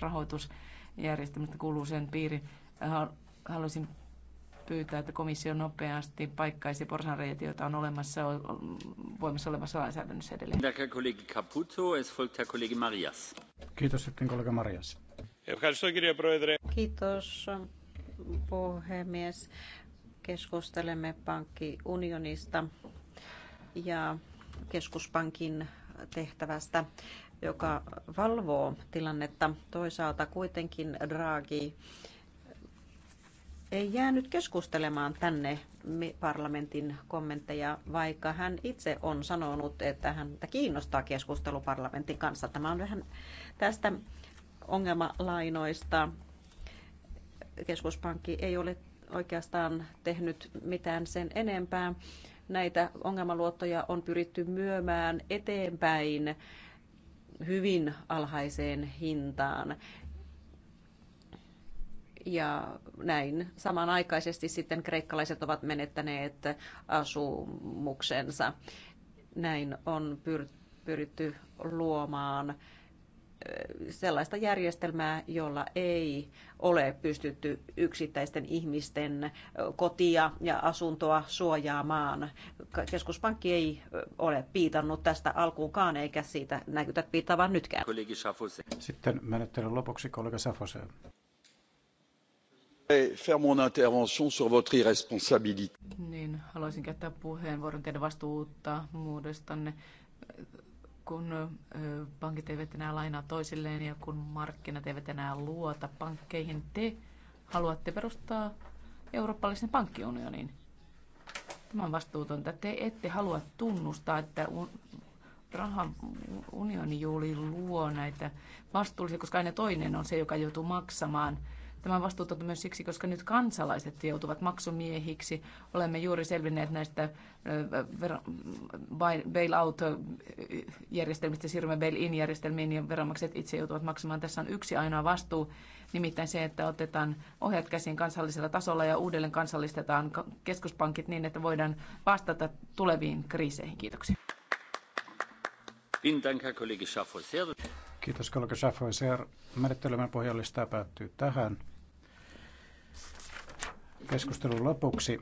rahoitusjärjestelmästä kuuluu sen piiri. Äh, haluaisin pyytää, että komissio nopeasti paikkaisi porsanreijät, joita on olemassa, voimassa olemassa lainsäädännössä edelleen. Kiitos sitten kollega Marias. Kiitos puhemies. Keskustelemme pankkiunionista ja keskuspankin tehtävästä joka valvoo tilannetta. Toisaalta kuitenkin Draghi ei jäänyt keskustelemaan tänne parlamentin kommentteja, vaikka hän itse on sanonut, että hän kiinnostaa keskustelu parlamentin kanssa. Tämä on vähän tästä ongelmalainoista. Keskuspankki ei ole oikeastaan tehnyt mitään sen enempää. Näitä ongelmaluottoja on pyritty myömään eteenpäin hyvin alhaiseen hintaan. Ja näin samanaikaisesti sitten kreikkalaiset ovat menettäneet asumuksensa. Näin on pyritty luomaan sellaista järjestelmää, jolla ei ole pystytty yksittäisten ihmisten kotia ja asuntoa suojaamaan. Keskuspankki ei ole piitannut tästä alkuunkaan, eikä siitä näkytä piittavan nytkään. Sitten menettelen lopuksi kollega Safose. Faire mon intervention sur votre irresponsabilité. Niin, haluaisin käyttää puheenvuoron teidän vastuutta muudestanne kun pankit eivät enää lainaa toisilleen ja kun markkinat eivät enää luota pankkeihin, te haluatte perustaa eurooppalaisen pankkiunionin. Tämä on vastuutonta. Te ette halua tunnustaa, että rahaunioni juuri luo näitä vastuullisia, koska aina toinen on se, joka joutuu maksamaan – Tämä on vastuutonta myös siksi, koska nyt kansalaiset joutuvat maksumiehiksi. Olemme juuri selvinneet näistä bail-out-järjestelmistä, siirrymme bail-in-järjestelmiin ja veronmaksajat itse joutuvat maksamaan. Tässä on yksi ainoa vastuu, nimittäin se, että otetaan ohjat käsiin kansallisella tasolla ja uudelleen kansallistetaan keskuspankit niin, että voidaan vastata tuleviin kriiseihin. Kiitoksia. Kiitos kollega Schaffer. Menettelymän pohjallista päättyy tähän. Keskustelun lopuksi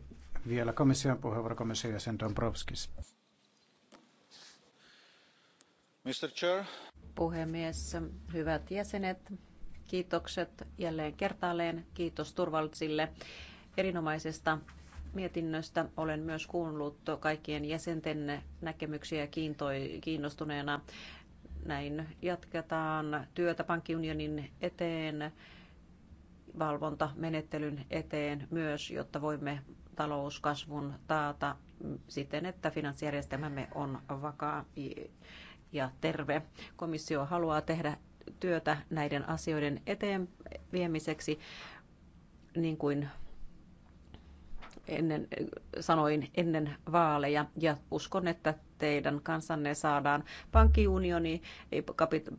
vielä komission puheenvuoro komission jäsen Dombrovskis. Mr. Chair. Puhemies, hyvät jäsenet, kiitokset jälleen kertaalleen. Kiitos turvallisille erinomaisesta mietinnöstä. Olen myös kuunnellut kaikkien jäsenten näkemyksiä kiinnostuneena. Näin jatketaan työtä pankkiunionin eteen finanssivalvontamenettelyn eteen myös, jotta voimme talouskasvun taata siten, että finanssijärjestelmämme on vakaa ja terve. Komissio haluaa tehdä työtä näiden asioiden eteen viemiseksi, niin kuin ennen, sanoin ennen vaaleja ja uskon, että teidän kansanne saadaan pankkiunioni,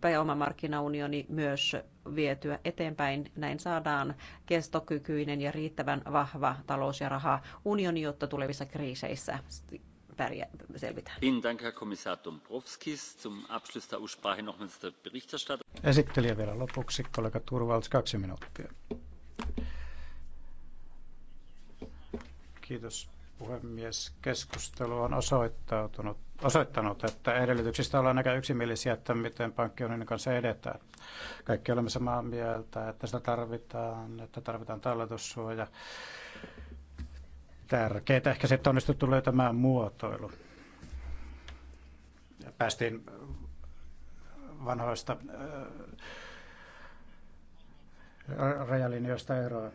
pääomamarkkinaunioni myös vietyä eteenpäin. Näin saadaan kestokykyinen ja riittävän vahva talous- ja rahaunioni, jotta tulevissa kriiseissä Esittelijä vielä lopuksi, kollega Turvalds, kaksi minuuttia. Kiitos puhemies. Keskustelu on osoittautunut, osoittanut, että edellytyksistä ollaan aika yksimielisiä, että miten pankkiunionin kanssa edetään. Kaikki olemme samaa mieltä, että sitä tarvitaan, että tarvitaan talletussuoja. Tärkeää ehkä se, että onnistuttu löytämään muotoilu. Päästiin vanhoista äh, rajalinjoista eroon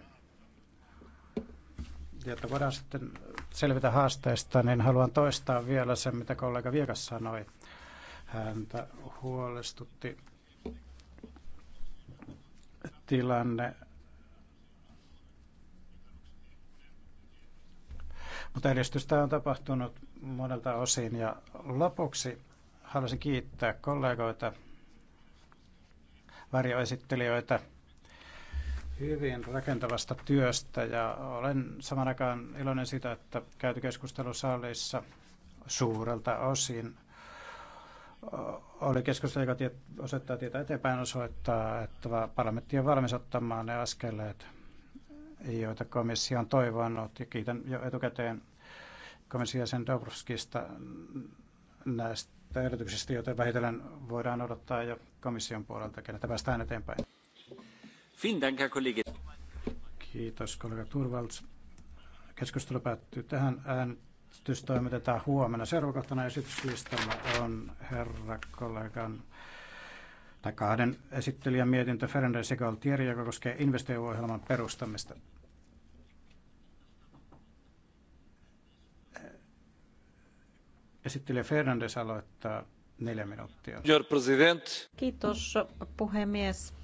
jotta voidaan sitten selvitä haasteista, niin haluan toistaa vielä sen, mitä kollega Viekas sanoi. Häntä huolestutti tilanne. Mutta edistystä on tapahtunut monelta osin ja lopuksi haluaisin kiittää kollegoita, varjoesittelijöitä, hyvin rakentavasta työstä ja olen saman aikaan iloinen siitä, että käyty keskustelu salissa suurelta osin oli keskustelu, joka osoittaa tietä eteenpäin, osoittaa, että parlamentti on valmis ottamaan ne askeleet, joita komissio on toivonut. Ja kiitän jo etukäteen komission jäsen Dobrovskista näistä ehdotuksista, joita vähitellen voidaan odottaa jo komission puolelta, kenetä päästään eteenpäin. Kiitos kollega Turvalds. Keskustelu päättyy tähän. Äänestys toimitetaan huomenna. Seuraavakohtana esityslistalla on herra kollegan tai kahden esittelijän mietintö Fernandez Galtieri, joka koskee investointiohjelman perustamista. Esittelijä Fernandes aloittaa neljä minuuttia. Kiitos puhemies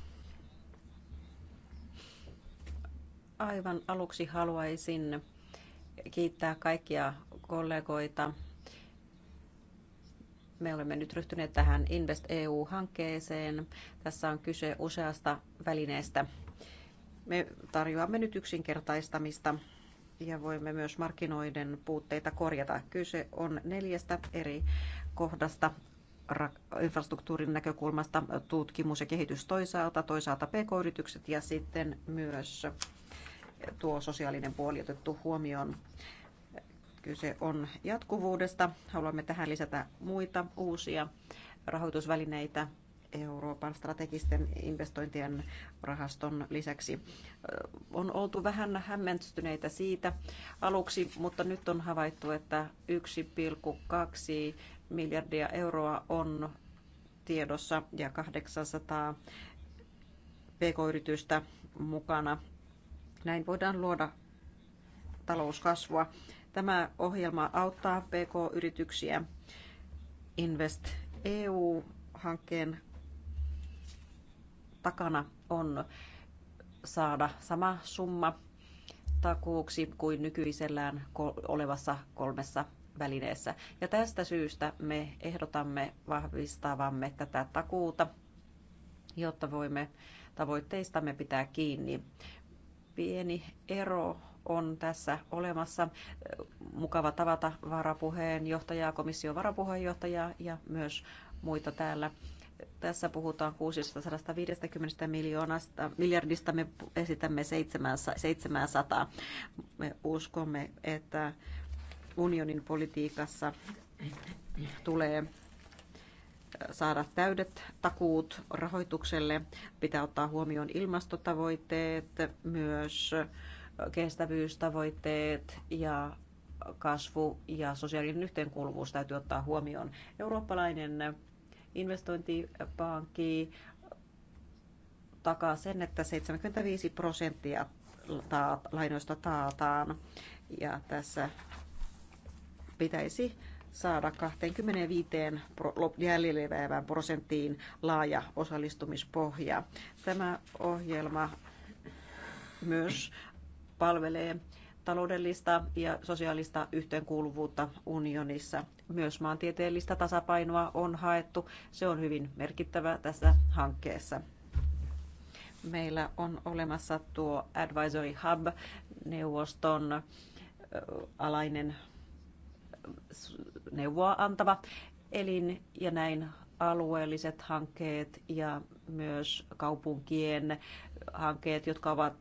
Aivan aluksi haluaisin kiittää kaikkia kollegoita. Me olemme nyt ryhtyneet tähän Invest EU-hankkeeseen. Tässä on kyse useasta välineestä. Me tarjoamme nyt yksinkertaistamista ja voimme myös markkinoiden puutteita korjata. Kyse on neljästä eri kohdasta infrastruktuurin näkökulmasta tutkimus ja kehitys toisaalta, toisaalta pk-yritykset ja sitten myös tuo sosiaalinen puoli otettu huomioon. Kyse on jatkuvuudesta. Haluamme tähän lisätä muita uusia rahoitusvälineitä Euroopan strategisten investointien rahaston lisäksi. On oltu vähän hämmentyneitä siitä aluksi, mutta nyt on havaittu, että 1,2 miljardia euroa on tiedossa ja 800 pk-yritystä mukana näin voidaan luoda talouskasvua. Tämä ohjelma auttaa PK-yrityksiä Invest EU-hankkeen takana on saada sama summa takuuksi kuin nykyisellään olevassa kolmessa välineessä. Ja tästä syystä me ehdotamme vahvistavamme tätä takuuta, jotta voimme tavoitteistamme pitää kiinni pieni ero on tässä olemassa. Mukava tavata varapuheenjohtajaa, komission varapuheenjohtajaa ja myös muita täällä. Tässä puhutaan 650 miljoonasta, miljardista, me esitämme 700. Me uskomme, että unionin politiikassa tulee saada täydet takuut rahoitukselle. Pitää ottaa huomioon ilmastotavoitteet, myös kestävyystavoitteet ja kasvu ja sosiaalinen yhteenkuuluvuus täytyy ottaa huomioon. Eurooppalainen investointipankki takaa sen, että 75 prosenttia lainoista taataan. Ja tässä pitäisi saada 25 jäljelle prosenttiin laaja osallistumispohja. Tämä ohjelma myös palvelee taloudellista ja sosiaalista yhteenkuuluvuutta unionissa. Myös maantieteellistä tasapainoa on haettu. Se on hyvin merkittävä tässä hankkeessa. Meillä on olemassa tuo Advisory Hub-neuvoston alainen neuvoa antava elin ja näin alueelliset hankkeet ja myös kaupunkien hankkeet, jotka ovat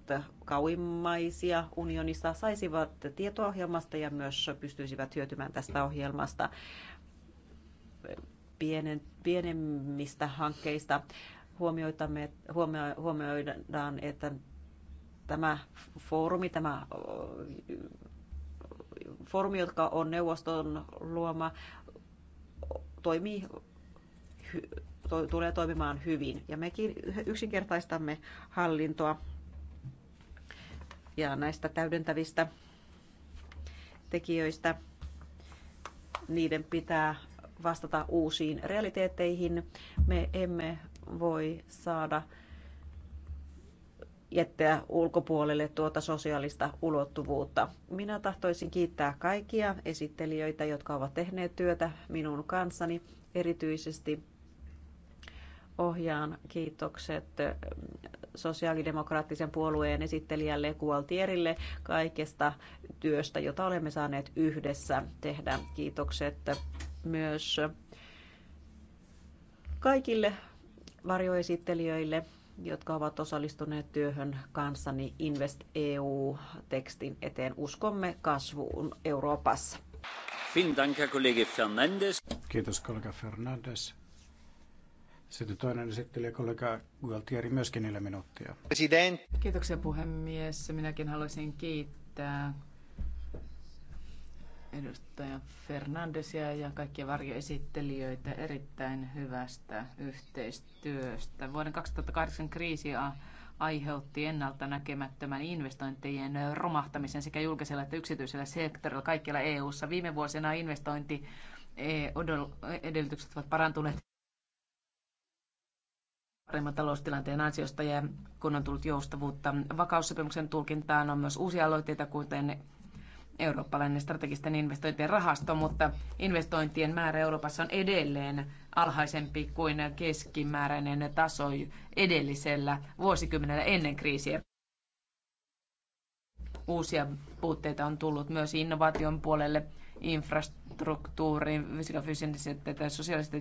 kauimmaisia unionista, saisivat tietoa ohjelmasta ja myös pystyisivät hyötymään tästä ohjelmasta pienen, pienemmistä hankkeista. Huomioitamme, huomioidaan, että tämä foorumi, tämä foorumi, jotka on neuvoston luoma, toimii to, tulee toimimaan hyvin. Ja mekin yksinkertaistamme hallintoa ja näistä täydentävistä tekijöistä. Niiden pitää vastata uusiin realiteetteihin. Me emme voi saada jättää ulkopuolelle tuota sosiaalista ulottuvuutta. Minä tahtoisin kiittää kaikkia esittelijöitä, jotka ovat tehneet työtä minun kanssani, erityisesti ohjaan kiitokset sosiaalidemokraattisen puolueen esittelijälle Kualtierille kaikesta työstä, jota olemme saaneet yhdessä tehdä. Kiitokset myös kaikille varjoesittelijöille jotka ovat osallistuneet työhön kanssani Invest EU-tekstin eteen. Uskomme kasvuun Euroopassa. Kiitos kollega Fernandes. Sitten toinen esittelijä kollega Gualtieri myöskin neljä minuuttia. Kiitoksia puhemies. Minäkin haluaisin kiittää edustaja Fernandesia ja kaikkia varjoesittelijöitä erittäin hyvästä yhteistyöstä. Vuoden 2008 kriisi aiheutti ennalta näkemättömän investointien romahtamisen sekä julkisella että yksityisellä sektorilla kaikkialla EU-ssa. Viime vuosina investointi e- edellytykset ovat parantuneet paremman taloustilanteen ansiosta ja kun on tullut joustavuutta. Vakaussopimuksen tulkintaan on myös uusia aloitteita, kuten eurooppalainen strategisten investointien rahasto, mutta investointien määrä Euroopassa on edelleen alhaisempi kuin keskimääräinen taso edellisellä vuosikymmenellä ennen kriisiä. Uusia puutteita on tullut myös innovaation puolelle, infrastruktuuriin, fysiset ja sosiaaliset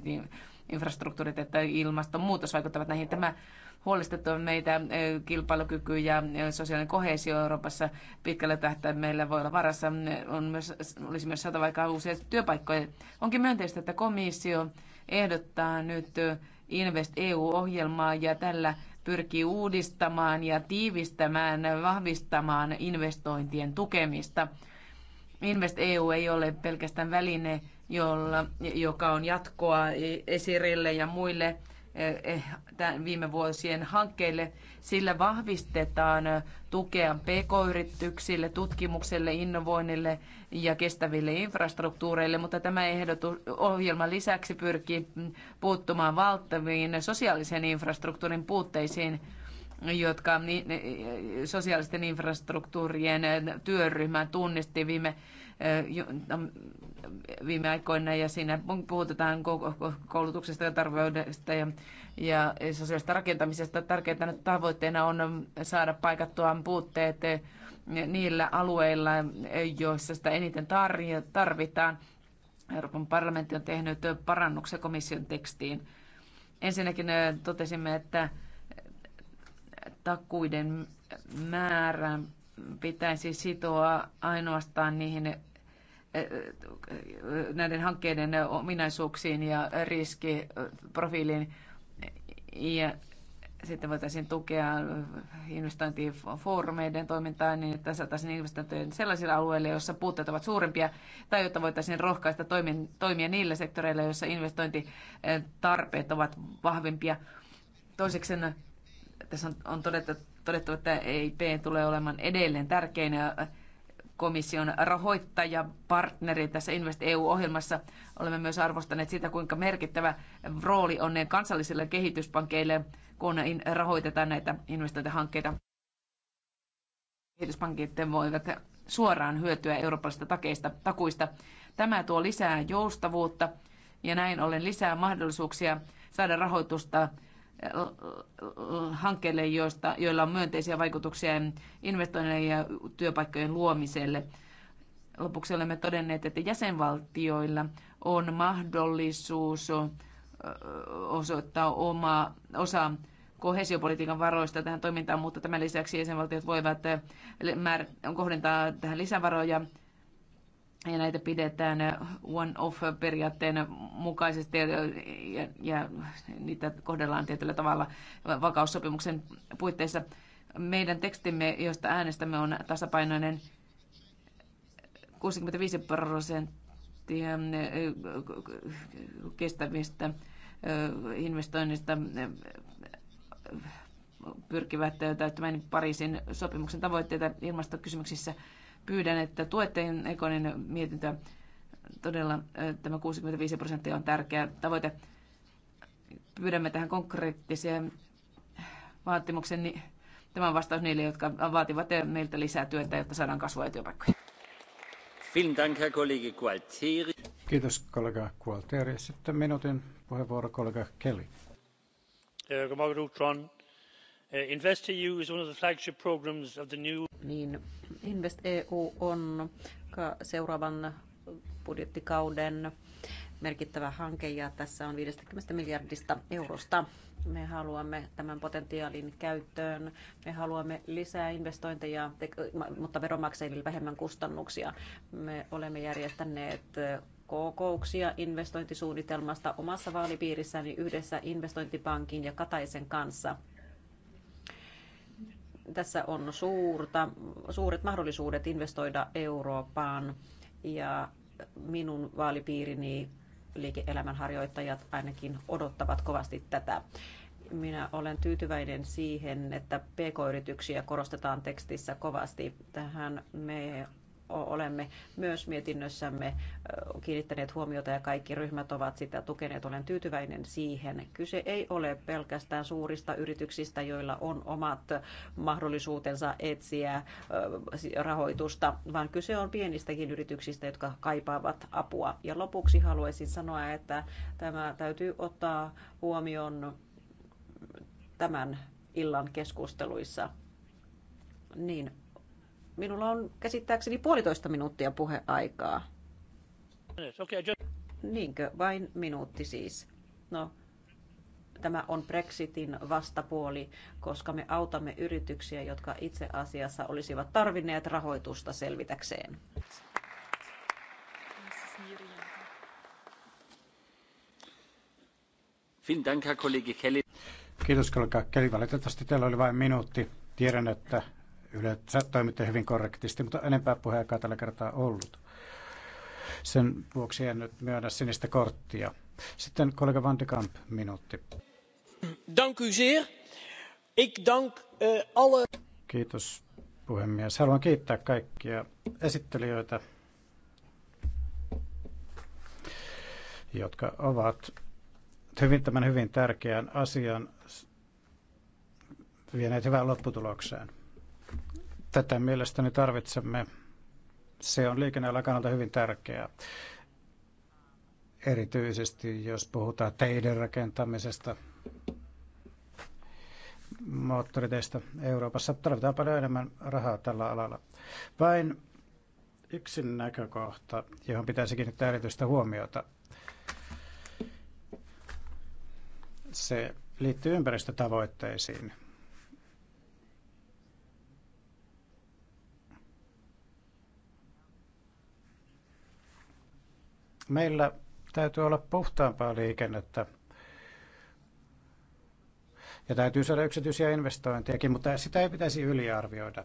infrastruktuurit että ilmastonmuutos vaikuttavat näihin. Tämä huolestuttaa meitä kilpailukyky ja sosiaalinen kohesio Euroopassa pitkällä tähtäimellä voi olla varassa. On myös, olisi myös saatava aikaa uusia työpaikkoja. Onkin myönteistä, että komissio ehdottaa nyt Invest EU-ohjelmaa ja tällä pyrkii uudistamaan ja tiivistämään, vahvistamaan investointien tukemista. Invest EU ei ole pelkästään väline jolla, joka on jatkoa Esirille ja muille eh, eh, viime vuosien hankkeille. Sillä vahvistetaan tukea pk-yrityksille, tutkimukselle, innovoinnille ja kestäville infrastruktuureille, mutta tämä ehdotus, ohjelma lisäksi pyrkii puuttumaan valtaviin sosiaalisen infrastruktuurin puutteisiin jotka sosiaalisten infrastruktuurien työryhmä tunnisti viime No, viime aikoina ja siinä puhutetaan koulutuksesta ja tarveudesta ja, ja sosiaalista rakentamisesta. Tärkeintä tavoitteena on saada paikattua puutteet e, niillä alueilla, e, joissa sitä eniten tarvitaan. Euroopan parlamentti on tehnyt parannuksen komission tekstiin. Ensinnäkin e, totesimme, että takuiden määrä pitäisi sitoa ainoastaan niihin eh, eh, näiden hankkeiden ominaisuuksiin ja riskiprofiiliin. Eh, ja sitten voitaisiin tukea investointifoorumeiden toimintaa niin, että saataisiin investointeja sellaisilla alueilla, joissa puutteet ovat suurempia, tai jotta voitaisiin rohkaista toimia niillä sektoreilla, joissa investointitarpeet ovat vahvempia. Toiseksi tässä on, on todettu, Todettu, että EIP tulee olemaan edelleen tärkein äh, komission rahoittajapartneri tässä Invest EU-ohjelmassa. Olemme myös arvostaneet sitä, kuinka merkittävä rooli on ne kansallisille kehityspankeille, kun rahoitetaan näitä investointihankkeita. Kehityspankit voivat suoraan hyötyä eurooppalaisista takeista, takuista. Tämä tuo lisää joustavuutta ja näin ollen lisää mahdollisuuksia saada rahoitusta hankkeille, joista, joilla on myönteisiä vaikutuksia investoinneille ja työpaikkojen luomiselle. Lopuksi olemme todenneet, että jäsenvaltioilla on mahdollisuus osoittaa oma osa kohesiopolitiikan varoista tähän toimintaan, mutta tämän lisäksi jäsenvaltiot voivat kohdentaa tähän lisävaroja ja näitä pidetään one-off-periaatteen mukaisesti ja, ja, ja niitä kohdellaan tietyllä tavalla vakaussopimuksen puitteissa. Meidän tekstimme, josta äänestämme, on tasapainoinen 65 prosenttia eh, kestävistä eh, investoinnista eh, pyrkivät täyttämään Pariisin sopimuksen tavoitteita ilmastokysymyksissä – pyydän, että tuette Ekonin mietintöä. Todella tämä 65 prosenttia on tärkeä tavoite. Pyydämme tähän konkreettisia vaatimuksen. Niin tämä on vastaus niille, jotka vaativat meiltä lisää työtä, jotta saadaan kasvua ja työpaikkoja. Kiitos kollega Gualtieri. Sitten minuutin puheenvuoro kollega Kelly. Eh, Uh, investeu is one of the flagship programmes of the new. Niin, investeu on seuraavan budjettikauden merkittävä hanke ja tässä on 50 miljardista eurosta. Me haluamme tämän potentiaalin käyttöön, me haluamme lisää investointeja, mutta veronmaksajille vähemmän kustannuksia. Me olemme järjestäneet kokouksia investointisuunnitelmasta omassa vaalipiirissäni yhdessä investointipankin ja Kataisen kanssa tässä on suurta, suuret mahdollisuudet investoida Eurooppaan ja minun vaalipiirini liike-elämän harjoittajat ainakin odottavat kovasti tätä. Minä olen tyytyväinen siihen, että pk-yrityksiä korostetaan tekstissä kovasti. Tähän me olemme myös mietinnössämme kiinnittäneet huomiota ja kaikki ryhmät ovat sitä tukeneet. Olen tyytyväinen siihen. Kyse ei ole pelkästään suurista yrityksistä, joilla on omat mahdollisuutensa etsiä rahoitusta, vaan kyse on pienistäkin yrityksistä, jotka kaipaavat apua. Ja lopuksi haluaisin sanoa, että tämä täytyy ottaa huomioon tämän illan keskusteluissa. Niin, Minulla on käsittääkseni puolitoista minuuttia puheaikaa. Niinkö, vain minuutti siis. No, tämä on Brexitin vastapuoli, koska me autamme yrityksiä, jotka itse asiassa olisivat tarvinneet rahoitusta selvitäkseen. Kiitos kollega Kelly. Valitettavasti teillä oli vain minuutti. Tiedän, että Yleensä toimitte hyvin korrektisti, mutta enempää puheenaikaa tällä kertaa ollut. Sen vuoksi en nyt myönnä sinistä korttia. Sitten kollega Van de Kamp, minuutti. Dank u zeer. Ik dank eh, alle... Kiitos puhemies. Haluan kiittää kaikkia esittelijöitä, jotka ovat hyvin, tämän hyvin tärkeän asian vieneet hyvään lopputulokseen. Tätä mielestäni tarvitsemme. Se on liikennealan kannalta hyvin tärkeää. Erityisesti jos puhutaan teiden rakentamisesta, moottoriteista Euroopassa. Tarvitaan paljon enemmän rahaa tällä alalla. Vain yksi näkökohta, johon pitäisi kiinnittää erityistä huomiota. Se liittyy ympäristötavoitteisiin. Meillä täytyy olla puhtaampaa liikennettä. Ja täytyy saada yksityisiä investointejakin, mutta sitä ei pitäisi yliarvioida.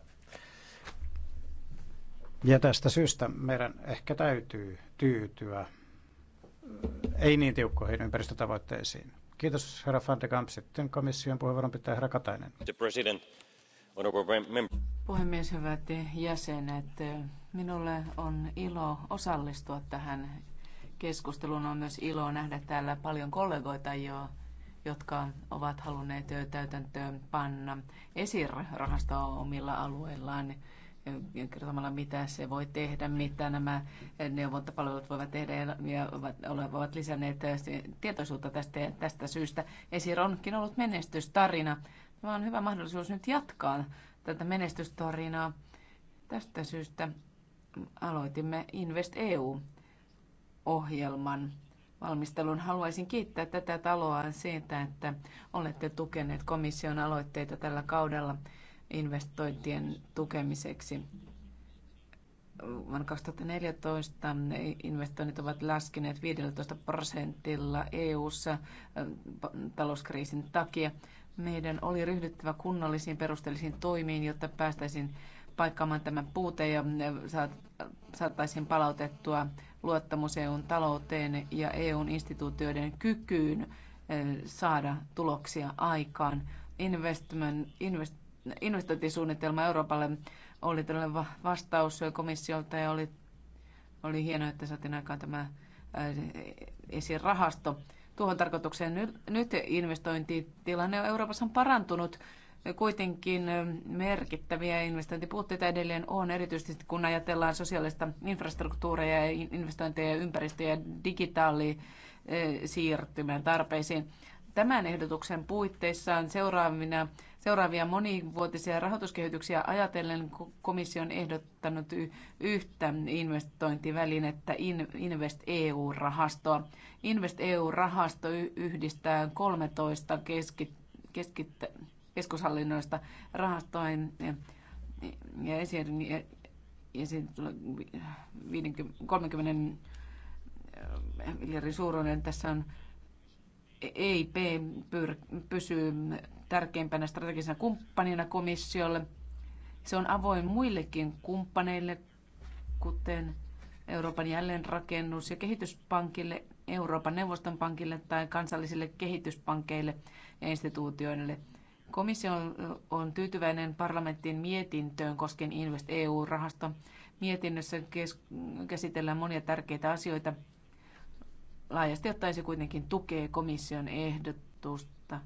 Ja tästä syystä meidän ehkä täytyy tyytyä ei niin tiukkoihin ympäristötavoitteisiin. Kiitos herra Van de Kamp. Sitten komission puheenvuoron pitää herra Katainen. Puhemies, hyvät jäsenet, minulle on ilo osallistua tähän keskustelun. On myös ilo nähdä täällä paljon kollegoita, jo, jotka ovat halunneet täytäntöön panna esirahastoa omilla alueillaan kertomalla, mitä se voi tehdä, mitä nämä neuvontapalvelut voivat tehdä ja ovat, ovat lisänneet tietoisuutta tästä, tästä syystä. Esir onkin ollut menestystarina. Tämä on hyvä mahdollisuus nyt jatkaa tätä menestystarinaa. Tästä syystä aloitimme Invest EU ohjelman valmistelun. Haluaisin kiittää tätä taloa siitä, että olette tukeneet komission aloitteita tällä kaudella investointien tukemiseksi. Vuonna 2014 investoinnit ovat laskeneet 15 prosentilla EU-ssa äh, talouskriisin takia. Meidän oli ryhdyttävä kunnallisiin perusteellisiin toimiin, jotta päästäisiin paikkaamaan tämän puute ja mm, saataisiin palautettua luottamus EUn talouteen ja EUn instituutioiden kykyyn eh, saada tuloksia aikaan. Investment, invest, investointisuunnitelma Euroopalle oli tällainen vastaus komissiolta ja oli, oli hienoa, että saatiin aikaan tämä eh, rahasto tuohon tarkoitukseen. Nyt, nyt investointitilanne Euroopassa on parantunut Kuitenkin merkittäviä investointipuutteita edelleen on, erityisesti kun ajatellaan sosiaalista infrastruktuuria ja investointeja ympäristöä ja digitaalisiirtymän tarpeisiin. Tämän ehdotuksen on seuraavina, seuraavia monivuotisia rahoituskehityksiä ajatellen komissio on ehdottanut yhtä investointivälinettä Invest EU-rahastoa. Invest EU-rahasto yhdistää 13 keskittä, keskittä, keskushallinnoista rahastoin ja, ja esiin, ja, ja siitä tulee 30 miljardin suuruinen. Tässä on EIP pyr, pysyy tärkeimpänä strategisena kumppanina komissiolle. Se on avoin muillekin kumppaneille, kuten Euroopan jälleenrakennus- ja kehityspankille, Euroopan neuvoston pankille tai kansallisille kehityspankeille ja instituutioille – Komissio on tyytyväinen parlamentin mietintöön koskien Invest eu rahastoa Mietinnössä käsitellään monia tärkeitä asioita. Laajasti ottaen se kuitenkin tukee komission ehdotusta.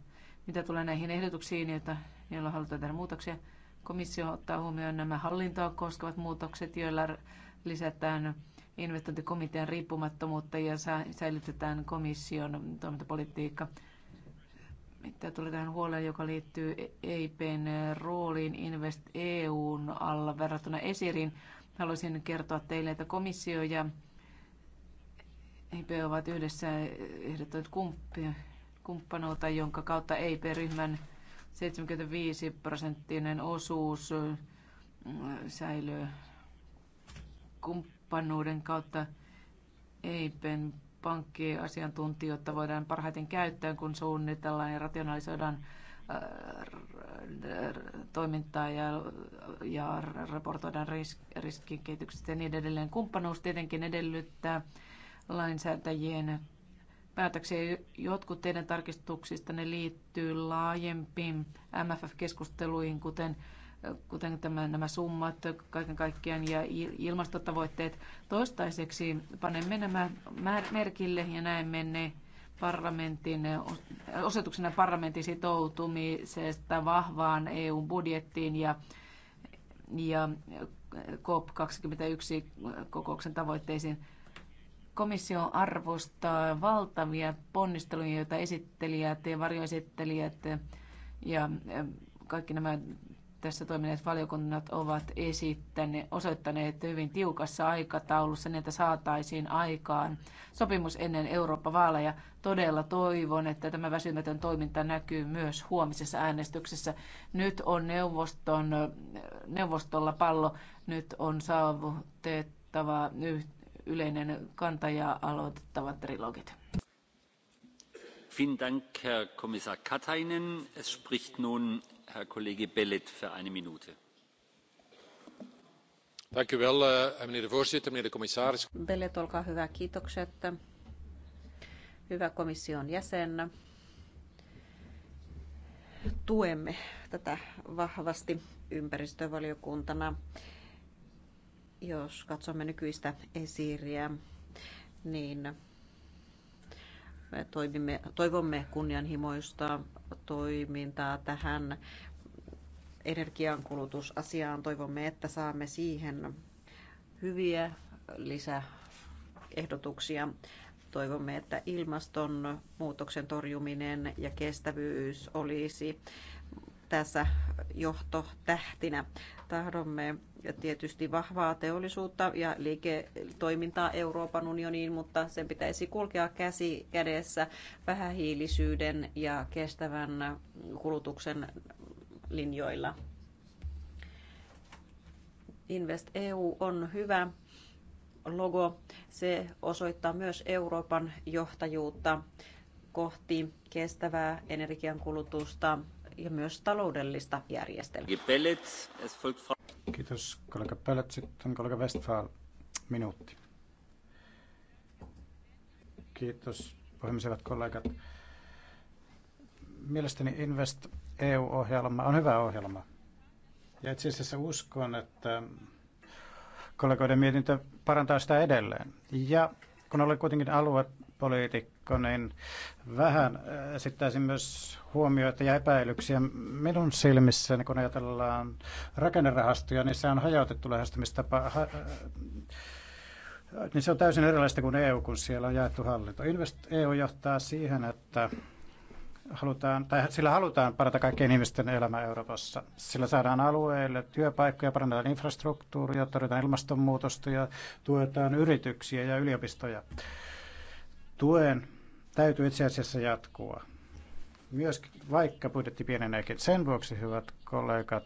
Mitä tulee näihin ehdotuksiin, joita, joilla halutaan tehdä muutoksia, komissio ottaa huomioon nämä hallintoa koskevat muutokset, joilla lisätään investointikomitean riippumattomuutta ja säilytetään komission toimintapolitiikka – mitä tulee tähän huoleen, joka liittyy EIPn rooliin Invest EUn alla verrattuna Esiriin, haluaisin kertoa teille, että komissio ja EIP ovat yhdessä ehdottaneet kumppanuutta, jonka kautta EIP-ryhmän 75 prosenttinen osuus mm, säilyy kumppanuuden kautta EIP:n pankkiasiantuntijoita voidaan parhaiten käyttää, kun suunnitellaan ja rationalisoidaan äh, toimintaa ja, ja raportoidaan ris, riskin kehityksestä ja niin edelleen. Kumppanuus tietenkin edellyttää lainsäätäjien päätöksiä. Jotkut teidän tarkistuksista ne liittyy laajempiin MFF-keskusteluihin, kuten kuten tämä nämä summat kaiken kaikkiaan ja ilmastotavoitteet. Toistaiseksi panemme nämä merkille ja näemme ne parlamentin, osoituksena parlamentin sitoutumisesta vahvaan EU-budjettiin ja, ja COP21 kokouksen tavoitteisiin. Komissio arvostaa valtavia ponnisteluja, joita esittelijät ja varjoesittelijät ja kaikki nämä tässä toimineet valiokunnat ovat esittäneet, osoittaneet hyvin tiukassa aikataulussa, niin että saataisiin aikaan sopimus ennen Eurooppa-vaaleja. Todella toivon, että tämä väsymätön toiminta näkyy myös huomisessa äänestyksessä. Nyt on neuvoston, neuvostolla pallo, nyt on saavutettava yleinen kanta ja aloitettava trilogit vielen dank herr kommissar katainen. es spricht nun Eh, voorzitter mijnheer de commissaris belet olkaa hyvä kiitokset hyvä komission jäsen tuemme tätä vahvasti ympäristövaliokuntana jos katsomme nykyistä esiriä niin me toimimme, toivomme kunnianhimoista toimintaa tähän energiankulutusasiaan. Toivomme, että saamme siihen hyviä lisäehdotuksia. Toivomme, että ilmastonmuutoksen torjuminen ja kestävyys olisi tässä johtotähtinä. Tahdomme tietysti vahvaa teollisuutta ja liiketoimintaa Euroopan unioniin, mutta sen pitäisi kulkea käsi kädessä vähähiilisyyden ja kestävän kulutuksen linjoilla. Invest EU on hyvä logo. Se osoittaa myös Euroopan johtajuutta kohti kestävää energiankulutusta ja myös taloudellista järjestelmää. Kiitos kollega Pellet. Sitten kollega Westphal, minuutti. Kiitos puhemies, hyvät kollegat. Mielestäni Invest EU-ohjelma on hyvä ohjelma. Ja itse asiassa uskon, että kollegoiden mietintö parantaa sitä edelleen. Ja kun olen kuitenkin aluepoliitikko, niin vähän äh, esittäisin myös huomioita ja epäilyksiä minun silmissäni, kun ajatellaan rakennerahastoja, niin se on hajautettu lähestymistapa. Ha, äh, niin se on täysin erilaista kuin EU, kun siellä on jaettu hallinto. Invest EU johtaa siihen, että halutaan, tai sillä halutaan parata kaikkien ihmisten elämää Euroopassa. Sillä saadaan alueelle työpaikkoja, parannetaan infrastruktuuria, torjutaan ilmastonmuutosta ja tuetaan yrityksiä ja yliopistoja. Tuen täytyy itse asiassa jatkua. Myös vaikka budjetti pieneneekin. Sen vuoksi, hyvät kollegat,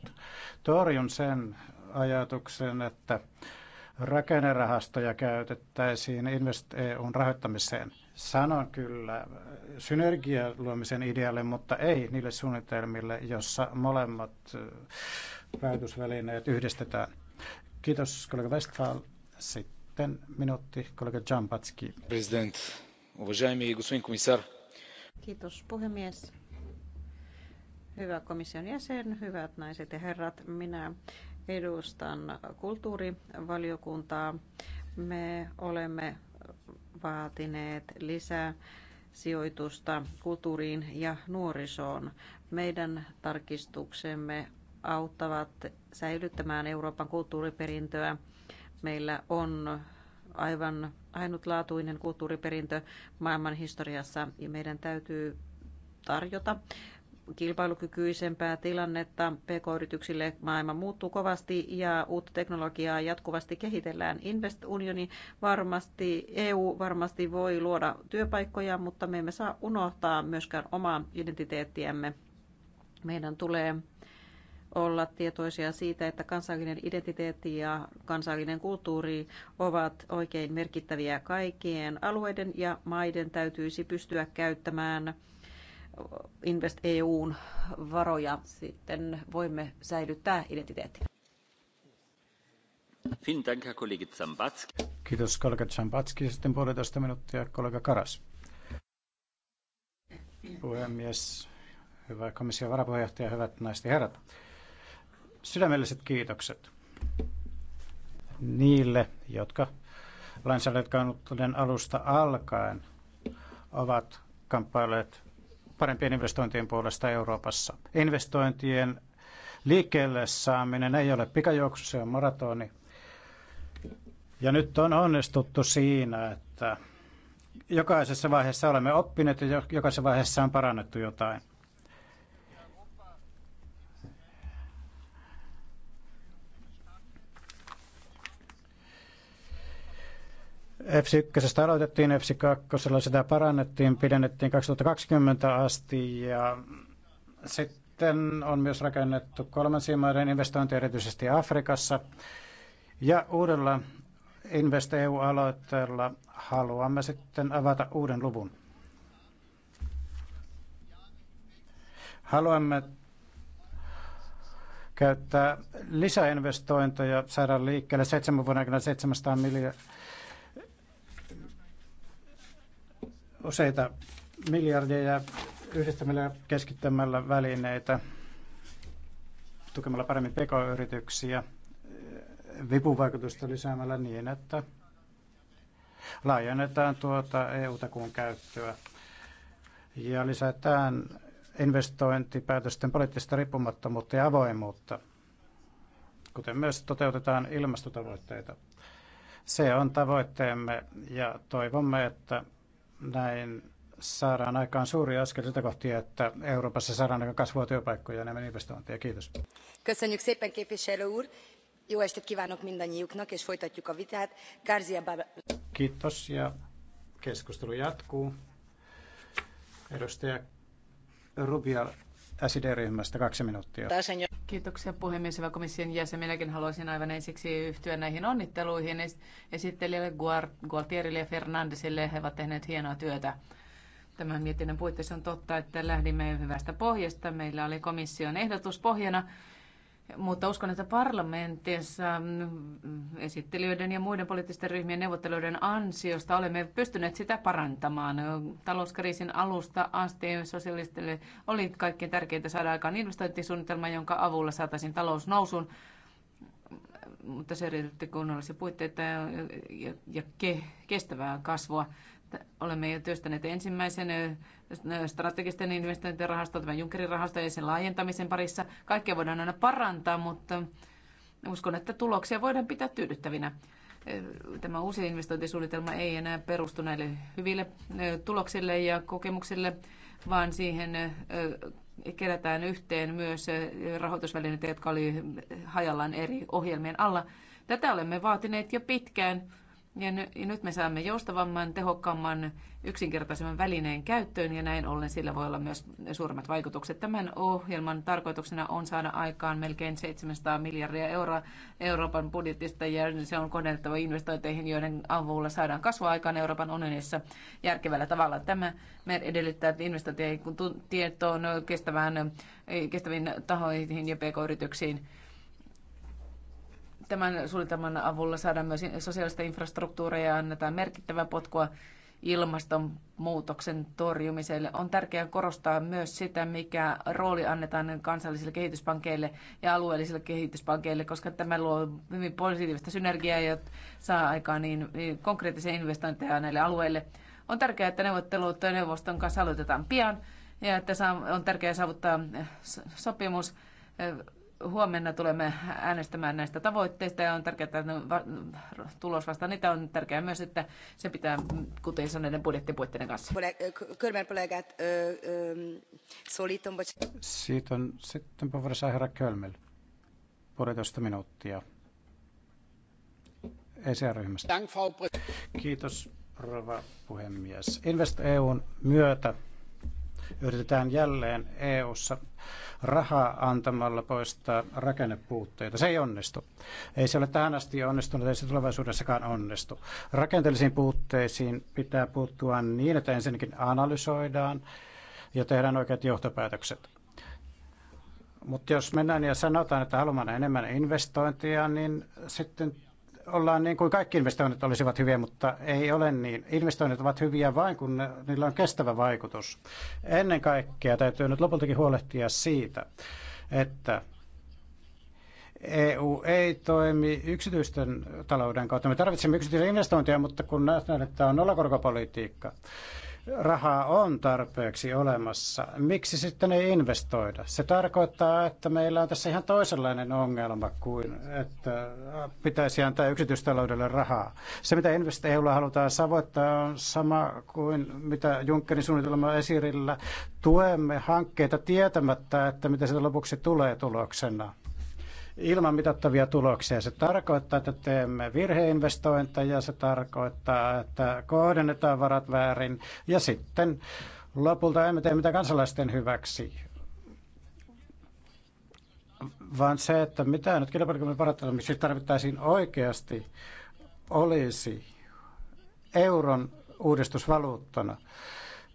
torjun sen ajatuksen, että rakennerahastoja käytettäisiin Invest EUn rahoittamiseen. Sanon kyllä synergian luomisen idealle, mutta ei niille suunnitelmille, jossa molemmat päätösvälineet yhdistetään. Kiitos kollega Westphal. Sitten minuutti kollega Jambatski. President, уважаемый господин комиссар. Kiitos puhemies. Hyvä komission jäsen, hyvät naiset ja herrat, minä edustan kulttuurivaliokuntaa. Me olemme vaatineet lisää sijoitusta kulttuuriin ja nuorisoon. Meidän tarkistuksemme auttavat säilyttämään Euroopan kulttuuriperintöä. Meillä on aivan ainutlaatuinen kulttuuriperintö maailman historiassa ja meidän täytyy tarjota kilpailukykyisempää tilannetta pk-yrityksille. Maailma muuttuu kovasti ja uutta teknologiaa jatkuvasti kehitellään. Invest Unioni varmasti, EU varmasti voi luoda työpaikkoja, mutta me emme saa unohtaa myöskään omaa identiteettiämme. Meidän tulee olla tietoisia siitä, että kansallinen identiteetti ja kansallinen kulttuuri ovat oikein merkittäviä kaikkien alueiden ja maiden täytyisi pystyä käyttämään Invest EUn varoja, sitten voimme säilyttää identiteetti. Kiitos kollega Zambatski. Sitten puolitoista minuuttia kollega Karas. Puhemies, hyvä komission varapuheenjohtaja, hyvät naiset ja herrat. Sydämelliset kiitokset niille, jotka lainsäädäntökauden alusta alkaen ovat kamppailleet parempien investointien puolesta Euroopassa. Investointien liikkeelle saaminen ei ole pikajuoksu, se on maratoni. Ja nyt on onnistuttu siinä, että jokaisessa vaiheessa olemme oppineet ja jokaisessa vaiheessa on parannettu jotain. EPSI 1 aloitettiin, EPSI 2 sitä parannettiin, pidennettiin 2020 asti ja sitten on myös rakennettu kolmansien maiden investointi erityisesti Afrikassa. Ja uudella Invest EU-aloitteella haluamme sitten avata uuden luvun. Haluamme käyttää lisäinvestointeja, saada liikkeelle seitsemän vuoden aikana 700 miljoonaa useita miljardeja yhdistämällä keskittämällä välineitä, tukemalla paremmin pk-yrityksiä, vipuvaikutusta lisäämällä niin, että laajennetaan tuota EU-takuun käyttöä ja lisätään investointipäätösten poliittista riippumattomuutta ja avoimuutta, kuten myös toteutetaan ilmastotavoitteita. Se on tavoitteemme ja toivomme, että näin saadaan aikaan suuri askel sitä kohti, että Euroopassa saadaan aika kasvua työpaikkoja ja enemmän investointeja. Kiitos. Köszönjük szépen, képviselő úr. Jó estét kívánok mindannyiuknak, és folytatjuk a vitát. Garzia Kiitos, ja keskustelu jatkuu. Edustaja Rubia SID-ryhmästä kaksi minuuttia. Kiitoksia puhemies, hyvä komission jäsen. Minäkin haluaisin aivan ensiksi yhtyä näihin onnitteluihin esittelijälle Gualtierille ja Fernandesille. He ovat tehneet hienoa työtä tämän mietinnön puitteissa on totta, että lähdimme hyvästä pohjasta. Meillä oli komission ehdotus pohjana mutta uskon, että parlamentissa mm, esittelijöiden ja muiden poliittisten ryhmien neuvotteluiden ansiosta olemme pystyneet sitä parantamaan. Talouskriisin alusta asti sosialistille oli kaikkein tärkeintä saada aikaan investointisuunnitelma, jonka avulla saataisiin talous nousuun mutta se edellytti kunnollisia puitteita ja, ja, ja ke, kestävää kasvua. Olemme jo työstäneet ensimmäisen strategisten investointirahaston, tämän Junckerin rahaston ja sen laajentamisen parissa. Kaikkea voidaan aina parantaa, mutta uskon, että tuloksia voidaan pitää tyydyttävinä. Tämä uusi investointisuunnitelma ei enää perustu näille hyville tuloksille ja kokemuksille, vaan siihen kerätään yhteen myös rahoitusvälineitä, jotka oli hajallaan eri ohjelmien alla. Tätä olemme vaatineet jo pitkään ja, ny, ja nyt me saamme joustavamman, tehokkaamman, yksinkertaisemman välineen käyttöön ja näin ollen sillä voi olla myös suuremmat vaikutukset. Tämän ohjelman tarkoituksena on saada aikaan melkein 700 miljardia euroa Euroopan budjetista ja se on kohdennettava investointeihin, joiden avulla saadaan kasvua aikaan Euroopan unionissa järkevällä tavalla. Tämä me edellyttää investointeja tietoon, kestävään, kestäviin tahoihin ja pk-yrityksiin Tämän suunnitelman avulla saadaan myös sosiaalista infrastruktuuria ja annetaan merkittävää potkua ilmastonmuutoksen torjumiselle. On tärkeää korostaa myös sitä, mikä rooli annetaan kansallisille kehityspankeille ja alueellisille kehityspankeille, koska tämä luo hyvin positiivista synergiaa ja saa aikaan niin, niin konkreettisia investointeja näille alueille. On tärkeää, että neuvottelut neuvoston kanssa aloitetaan pian ja että on tärkeää saavuttaa sopimus huomenna tulemme äänestämään näistä tavoitteista ja on tärkeää, että tulos vastaa niitä. On tärkeää myös, että se pitää kuten näiden budjettipuitteiden kanssa. Siitä on sitten puheenvuorossa herra Kölmel. Puolitoista minuuttia. ECR-ryhmästä. Kiitos, rouva puhemies. Invest EUn myötä yritetään jälleen EU:ssa rahaa antamalla poistaa rakennepuutteita. Se ei onnistu. Ei se ole tähän asti onnistunut, ei se tulevaisuudessakaan onnistu. Rakenteellisiin puutteisiin pitää puuttua niin, että ensinnäkin analysoidaan ja tehdään oikeat johtopäätökset. Mutta jos mennään ja sanotaan, että haluamme enemmän investointia, niin sitten ollaan niin kuin kaikki investoinnit olisivat hyviä, mutta ei ole niin. Investoinnit ovat hyviä vain, kun ne, niillä on kestävä vaikutus. Ennen kaikkea täytyy nyt lopultakin huolehtia siitä, että EU ei toimi yksityisten talouden kautta. Me tarvitsemme yksityisiä investointeja, mutta kun nähdään, että on nollakorkopolitiikka, rahaa on tarpeeksi olemassa, miksi sitten ei investoida? Se tarkoittaa, että meillä on tässä ihan toisenlainen ongelma kuin, että pitäisi antaa yksityistaloudelle rahaa. Se, mitä EUlla halutaan savoittaa, on sama kuin mitä Junckerin suunnitelma esirillä. Tuemme hankkeita tietämättä, että mitä se lopuksi tulee tuloksena ilman mitattavia tuloksia. Se tarkoittaa, että teemme virheinvestointeja, se tarkoittaa, että kohdennetaan varat väärin ja sitten lopulta emme tee mitä kansalaisten hyväksi, vaan se, että mitä nyt kilpailukyvyn parantamiseksi tarvittaisiin oikeasti, olisi euron uudistusvaluuttana,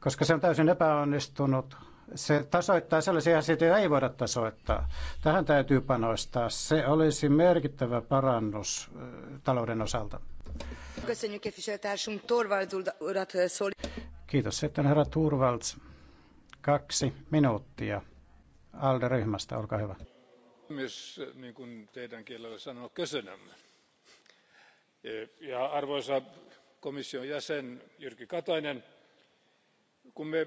koska se on täysin epäonnistunut se tasoittaa sellaisia asioita, joita ei voida tasoittaa. Tähän täytyy panostaa. Se olisi merkittävä parannus talouden osalta. Kiitos. Sitten herra Turvalds. Kaksi minuuttia. ALDE-ryhmästä, olkaa hyvä. Myös niin kuin teidän kielellä sanoo, kösönämme. Ja arvoisa komission jäsen Jyrki Katainen, kun me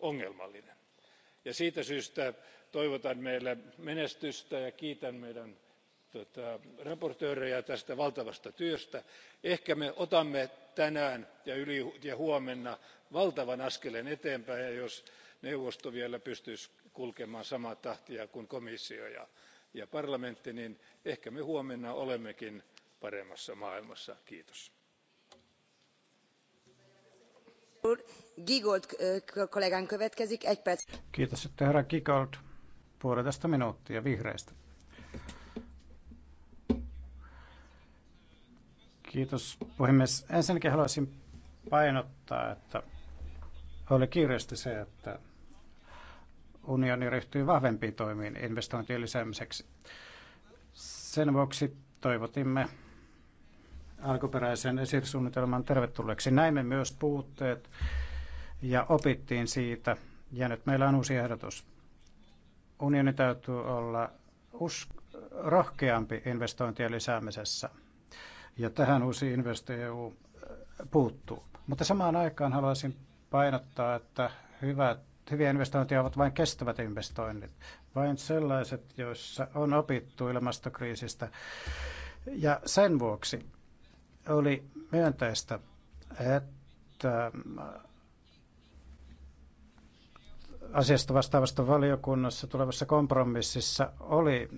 ongelmallinen. siitä syystä toivotan meille menestystä ja kiitän meidän tota, esittelijöitämme tästä valtavasta työstä. ehkä me otamme tänään ja huomenna valtavan askeleen eteenpäin jos neuvosto vielä pystyisi kulkemaan samaa tahtia kuin komissio ja parlamentti niin ehkä me huomenna olemmekin paremmassa maailmassa. kiitos. Gigold kollegan következik, egy perc. Kiitos sitten herra Gigold, puolitoista minuuttia vihreistä. Kiitos puhemies. Ensinnäkin haluaisin painottaa, että oli kiireesti se, että unioni ryhtyy vahvempiin toimiin investointien lisäämiseksi. Sen vuoksi toivotimme alkuperäisen esirsuunnitelman tervetulleeksi. Näimme myös puutteet ja opittiin siitä. Ja nyt meillä on uusi ehdotus. Unioni täytyy olla usk- rohkeampi investointien lisäämisessä. Ja tähän uusi investointi puuttuu. Mutta samaan aikaan haluaisin painottaa, että hyvät, hyviä investointeja ovat vain kestävät investoinnit. Vain sellaiset, joissa on opittu ilmastokriisistä. Ja sen vuoksi oli myönteistä, että äh, asiasta vastaavassa valiokunnassa tulevassa kompromississa oli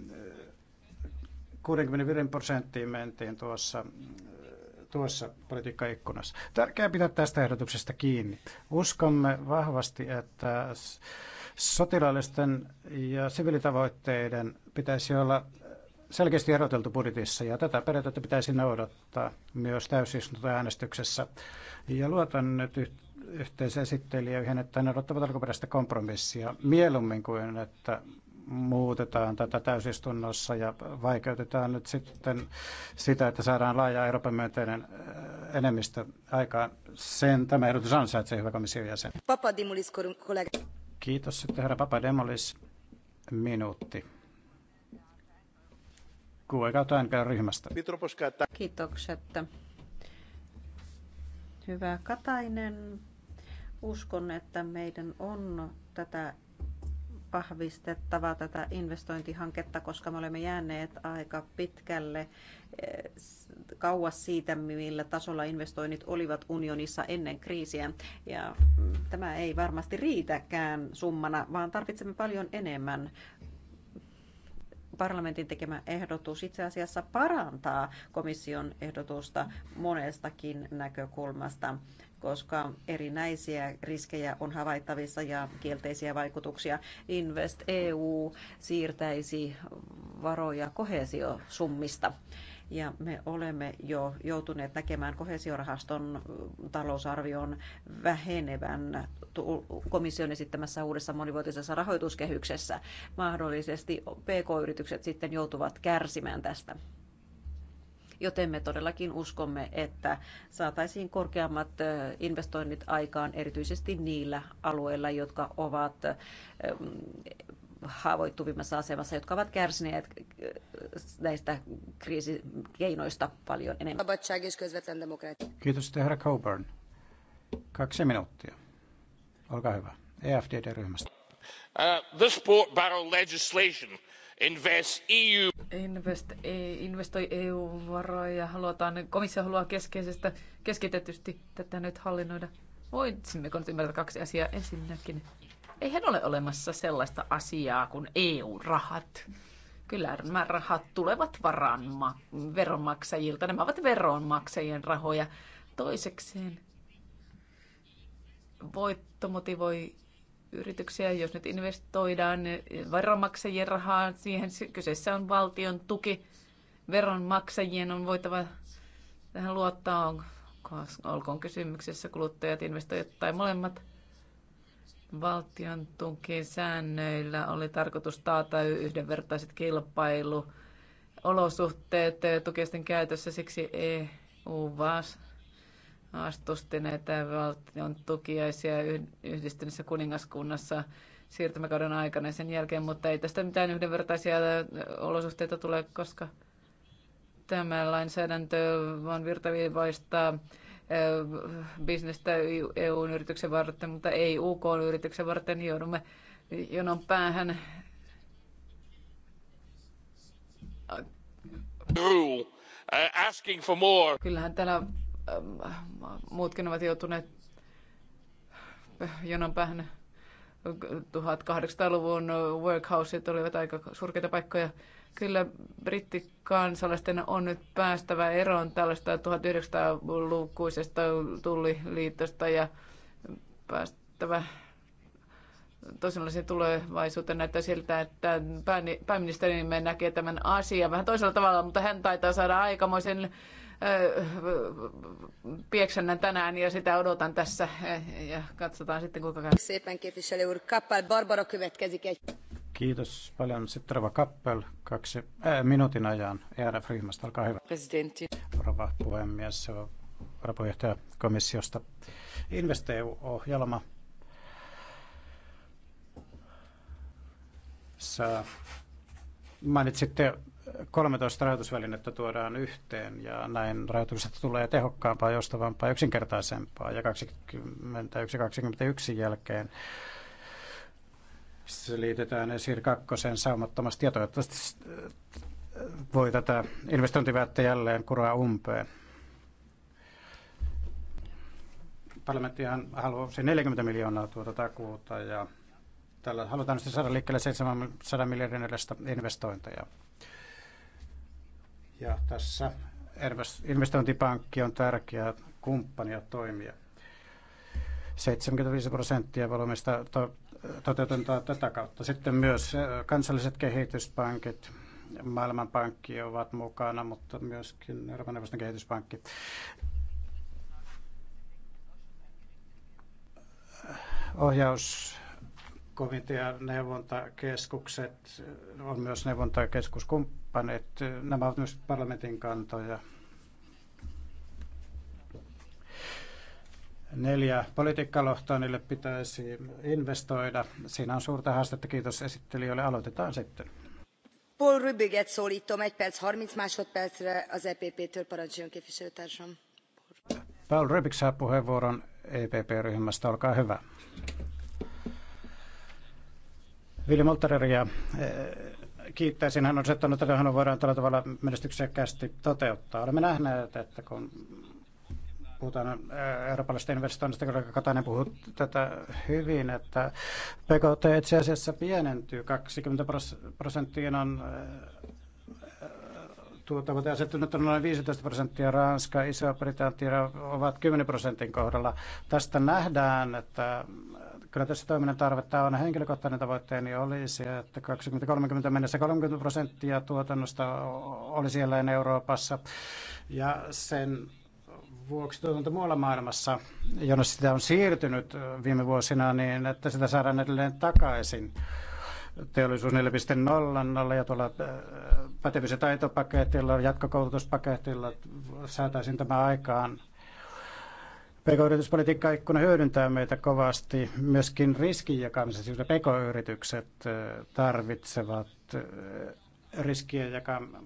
65 äh, prosenttiin mentiin tuossa, äh, tuossa politiikkaikkunassa. Tärkeää pitää tästä ehdotuksesta kiinni. Uskomme vahvasti, että sotilaallisten ja sivilitavoitteiden pitäisi olla selkeästi eroteltu budjetissa ja tätä periaatetta pitäisi noudattaa myös täysistuntoäänestyksessä. Ja luotan nyt yh- esittelijöihin, että ne odottavat alkuperäistä kompromissia mieluummin kuin että muutetaan tätä täysistunnossa ja vaikeutetaan nyt sitten sitä, että saadaan laaja Euroopan myönteinen äh, enemmistö aikaan. Sen tämä ehdotus ansaitsee, hyvä komission jäsen. Kiitos sitten herra Papademolis. Minuutti liikkuu, eikä ryhmästä. Kiitokset. Hyvä Katainen, uskon, että meidän on tätä vahvistettava tätä investointihanketta, koska me olemme jääneet aika pitkälle eh, kauas siitä, millä tasolla investoinnit olivat unionissa ennen kriisiä. Ja mm, tämä ei varmasti riitäkään summana, vaan tarvitsemme paljon enemmän parlamentin tekemä ehdotus itse asiassa parantaa komission ehdotusta monestakin näkökulmasta, koska erinäisiä riskejä on havaittavissa ja kielteisiä vaikutuksia. Invest EU siirtäisi varoja kohesiosummista ja me olemme jo joutuneet näkemään kohesiorahaston talousarvion vähenevän komission esittämässä uudessa monivuotisessa rahoituskehyksessä. Mahdollisesti PK-yritykset sitten joutuvat kärsimään tästä joten me todellakin uskomme, että saataisiin korkeammat investoinnit aikaan erityisesti niillä alueilla, jotka ovat haavoittuvimmassa asemassa, jotka ovat kärsineet näistä kriisikeinoista paljon enemmän. Kiitos, herra Coburn. Kaksi minuuttia. Olkaa hyvä. EFDD-ryhmästä. Uh, this port barrel legislation e Invest EU. Invest, investoi EU-varoja. Halutaan, komissio haluaa keskeisestä, keskitetysti tätä nyt hallinnoida. Voisimmeko nyt ymmärtää kaksi asiaa? Ensinnäkin Eihän ole olemassa sellaista asiaa kuin EU-rahat. Kyllä nämä rahat tulevat varanma- veronmaksajilta. Nämä ovat veronmaksajien rahoja. Toisekseen voitto motivoi yrityksiä, jos nyt investoidaan veronmaksajien rahaa, siihen kyseessä on valtion tuki. Veronmaksajien on voitava tähän luottaa, olkoon kysymyksessä kuluttajat, investoijat tai molemmat. Valtion tukisäännöillä oli tarkoitus taata yhdenvertaiset kilpailuolosuhteet tukisten käytössä, siksi EU vastusti näitä valtion tukiaisia yhdistyneessä kuningaskunnassa siirtymäkauden aikana sen jälkeen, mutta ei tästä mitään yhdenvertaisia olosuhteita tule, koska tämä lainsäädäntö on virtaviivaistaa Eh, bisnestä EUn e yrityksen varten, mutta ei UKn yrityksen varten, niin joudumme jonon päähän. Asking for more. Kyllähän täällä eh, muutkin ovat joutuneet jonon päähän. 1800-luvun workhouset olivat aika surkeita paikkoja Kyllä brittikansalaisten on nyt päästävä eroon tällaista 1900-lukuisesta tulliliitosta ja päästävä tosiaan tulevaisuuteen näyttää siltä, että pääministerimme näkee tämän asian vähän toisella tavalla, mutta hän taitaa saada aikamoisen pieksennä tänään ja sitä odotan tässä ja katsotaan sitten kuinka käy. Kappel Barbara Kiitos paljon. Sitten Rava Kappel, kaksi äh, minuutin ajan ERF-ryhmästä. Olkaa hyvä. Presidentti. Rava puhemies, varapuheenjohtaja komissiosta. Investeu-ohjelma Sä mainitsitte 13 rahoitusvälinettä tuodaan yhteen ja näin rahoituksesta tulee tehokkaampaa, joustavampaa ja yksinkertaisempaa. Ja 21-21 jälkeen se liitetään Esir 2 saumattomasti ja toivottavasti äh, voi tätä investointiväyttä jälleen kuraa umpeen. Parlamenttihan halusi 40 miljoonaa tuota takuuta ja tällä halutaan sitten saada liikkeelle 700 miljardin edestä investointeja. Ja tässä investointipankki on tärkeä kumppani ja toimija. 75 prosenttia valmista to- toteutetaan tätä kautta. Sitten myös kansalliset kehityspankit, Maailmanpankki ovat mukana, mutta myöskin Euroopan neuvoston kehityspankki. Ohjaus komitean neuvontakeskukset on myös neuvontakeskuskumppani kumppanit. Nämä ovat myös parlamentin kantoja. Neljä politiikkalohtoa, niille pitäisi investoida. Siinä on suurta haastetta. Kiitos esittelijöille. Aloitetaan sitten. Paul Rübiget szólítom, egy perc, 30 másodpercre az EPP-től parancsoljon képviselőtársam. Paul Rübig saa puheenvuoron EPP-ryhmästä, olkaa hyvä. Vili Moltterer ja kiittäisin. Hän on osoittanut, että hän voidaan tällä tavalla menestyksekkäästi toteuttaa. Olemme nähneet, että kun puhutaan äh, eurooppalaisista investoinnista, kun Katainen puhuu tätä hyvin, että PKT itse asiassa pienentyy 20 prosenttiin on äh, äh, tuotavat asettunut on noin 15 prosenttia, Ranska, Iso-Britannia ovat 10 prosentin kohdalla. Tästä nähdään, että Kyllä tässä toiminnan tarvetta on. Henkilökohtainen tavoitteeni olisi, että 2030 mennessä 30 prosenttia tuotannosta olisi jälleen Euroopassa. Ja sen vuoksi tuotanto muualla maailmassa, jonne sitä on siirtynyt viime vuosina, niin että sitä saadaan edelleen takaisin teollisuus 4.0 ja tuolla äh, pätevyys- ja taitopaketilla, jatkokoulutuspaketilla saataisiin tämä aikaan. PK-yrityspolitiikka ikkuna hyödyntää meitä kovasti myöskin riskin jakamisessa, siis PK-yritykset tarvitsevat riskien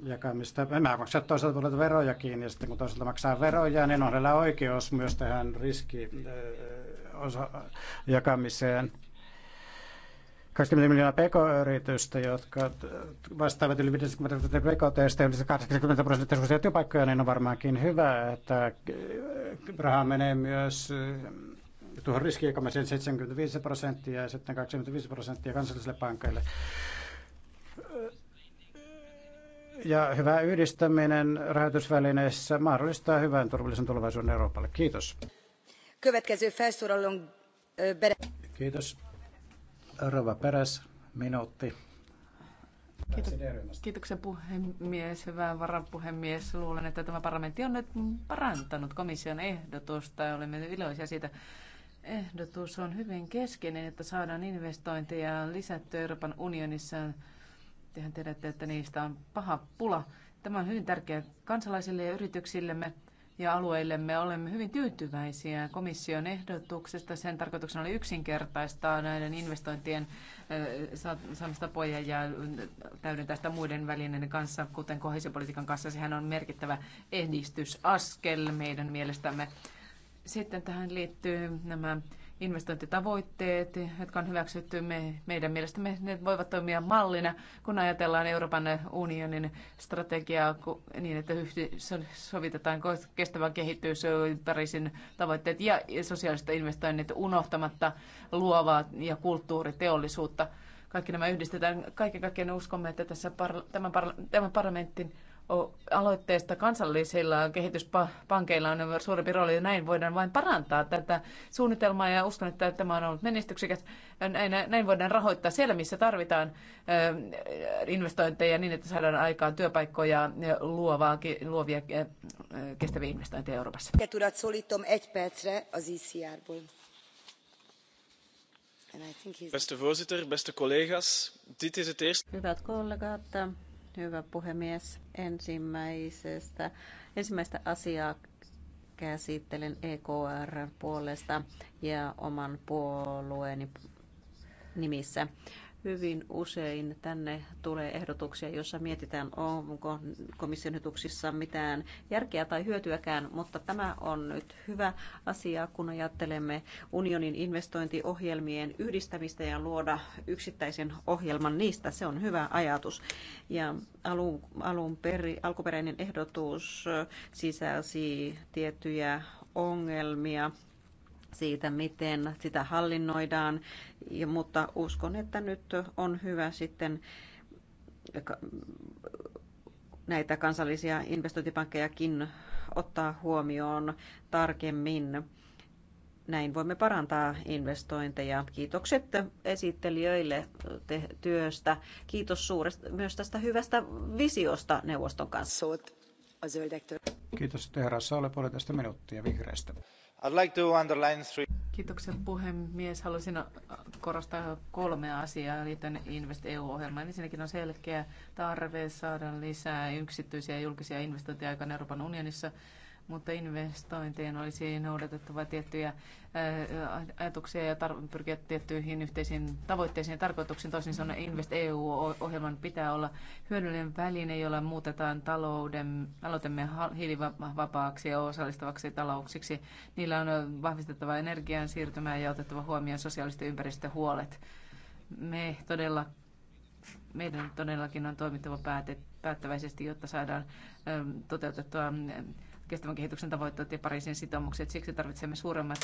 jakamista. Mä maksaa toisaalta puolelta kiinni ja sitten kun toisaalta maksaa veroja, niin on heillä oikeus myös tähän jakamiseen. 20 miljoonaa pk-yritystä, jotka vastaavat yli 50 prosenttia pk-teistä ja yli 80 prosenttia suosia työpaikkoja, niin on varmaankin hyvä, että rahaa menee myös tuohon riskijakamiseen 75 prosenttia ja sitten 25 prosenttia kansallisille pankeille. Ja hyvä yhdistäminen rahoitusvälineissä mahdollistaa hyvän turvallisen tulevaisuuden Euroopalle. Kiitos. Kiitos. Rova Peres, minuutti. Kiitos, kiitoksia puhemies, hyvä varapuhemies. Luulen, että tämä parlamentti on nyt parantanut komission ehdotusta ja olemme iloisia siitä. Ehdotus on hyvin keskeinen, että saadaan investointeja lisättyä Euroopan unionissa. Tehän tiedätte, että niistä on paha pula. Tämä on hyvin tärkeä kansalaisille ja yrityksillemme ja alueillemme. Olemme hyvin tyytyväisiä komission ehdotuksesta. Sen tarkoituksena oli yksinkertaistaa näiden investointien saamista poja ja täydentää sitä muiden välineiden kanssa, kuten kohesiopolitiikan kanssa. Sehän on merkittävä edistysaskel meidän mielestämme. Sitten tähän liittyy nämä investointitavoitteet, jotka on hyväksytty me, meidän mielestämme, ne voivat toimia mallina, kun ajatellaan Euroopan unionin strategiaa niin, että sovitetaan kestävän kehitys, Pariisin tavoitteet ja sosiaaliset investoinnit unohtamatta luovaa ja kulttuuriteollisuutta. Kaikki nämä yhdistetään. Kaiken kaikkiaan uskomme, että tässä parla- tämän, parla- tämän parlamentin aloitteesta kansallisilla kehityspankeilla on suurempi rooli. Näin voidaan vain parantaa tätä suunnitelmaa ja uskon, että tämä on ollut menestyksikäs. Näin, voidaan rahoittaa siellä, missä tarvitaan investointeja niin, että saadaan aikaan työpaikkoja luovaa, luovia kestäviä investointeja Euroopassa. Beste voorzitter, beste collega's, dit is het eerste. Hyvät kollegat, Hyvä puhemies. Ensimmäisestä, ensimmäistä asiaa käsittelen EKR puolesta ja oman puolueeni nimissä hyvin usein tänne tulee ehdotuksia, joissa mietitään, onko komission ehdotuksissa mitään järkeä tai hyötyäkään, mutta tämä on nyt hyvä asia, kun ajattelemme unionin investointiohjelmien yhdistämistä ja luoda yksittäisen ohjelman niistä. Se on hyvä ajatus. Ja alun, alun peri, alkuperäinen ehdotus sisälsi tiettyjä ongelmia siitä, miten sitä hallinnoidaan, mutta uskon, että nyt on hyvä sitten näitä kansallisia investointipankkejakin ottaa huomioon tarkemmin. Näin voimme parantaa investointeja. Kiitokset esittelijöille te- työstä. Kiitos suuresta, myös tästä hyvästä visiosta neuvoston kanssa. Kiitos, herra Saalepuoli, tästä minuuttia vihreästä. I'd like to underline three. puhemies. Haluaisin äh, korostaa kolmea asiaa liittyen Invest EU-ohjelmaan. Ensinnäkin on selkeä tarve saada lisää yksityisiä ja julkisia investointeja aikaan Euroopan unionissa mutta investointien olisi noudatettava tiettyjä äh, ajatuksia ja tar- pyrkiä tiettyihin yhteisiin tavoitteisiin ja tarkoituksiin. Toisin sanoen Invest EU-ohjelman pitää olla hyödyllinen väline, jolla muutetaan talouden, aloitemme hiilivapaaksi ja osallistavaksi talouksiksi. Niillä on vahvistettava energian siirtymää ja otettava huomioon sosiaalisten ympäristöhuolet. Me todella meidän todellakin on toimittava päätet, päättäväisesti, jotta saadaan toteutettua kestävän kehityksen tavoitteet ja Pariisin sitoumukset. Siksi tarvitsemme suuremmat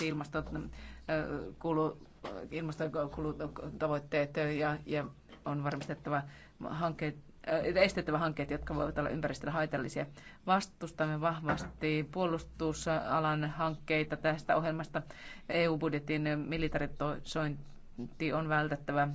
ilmastokulutavoitteet äh, äh, ja, ja on varmistettava hankkeet äh, estettävä hankkeet, jotka voivat olla ympäristölle haitallisia. Vastustamme vahvasti puolustusalan hankkeita tästä ohjelmasta. EU-budjetin militarisointi on vältettävä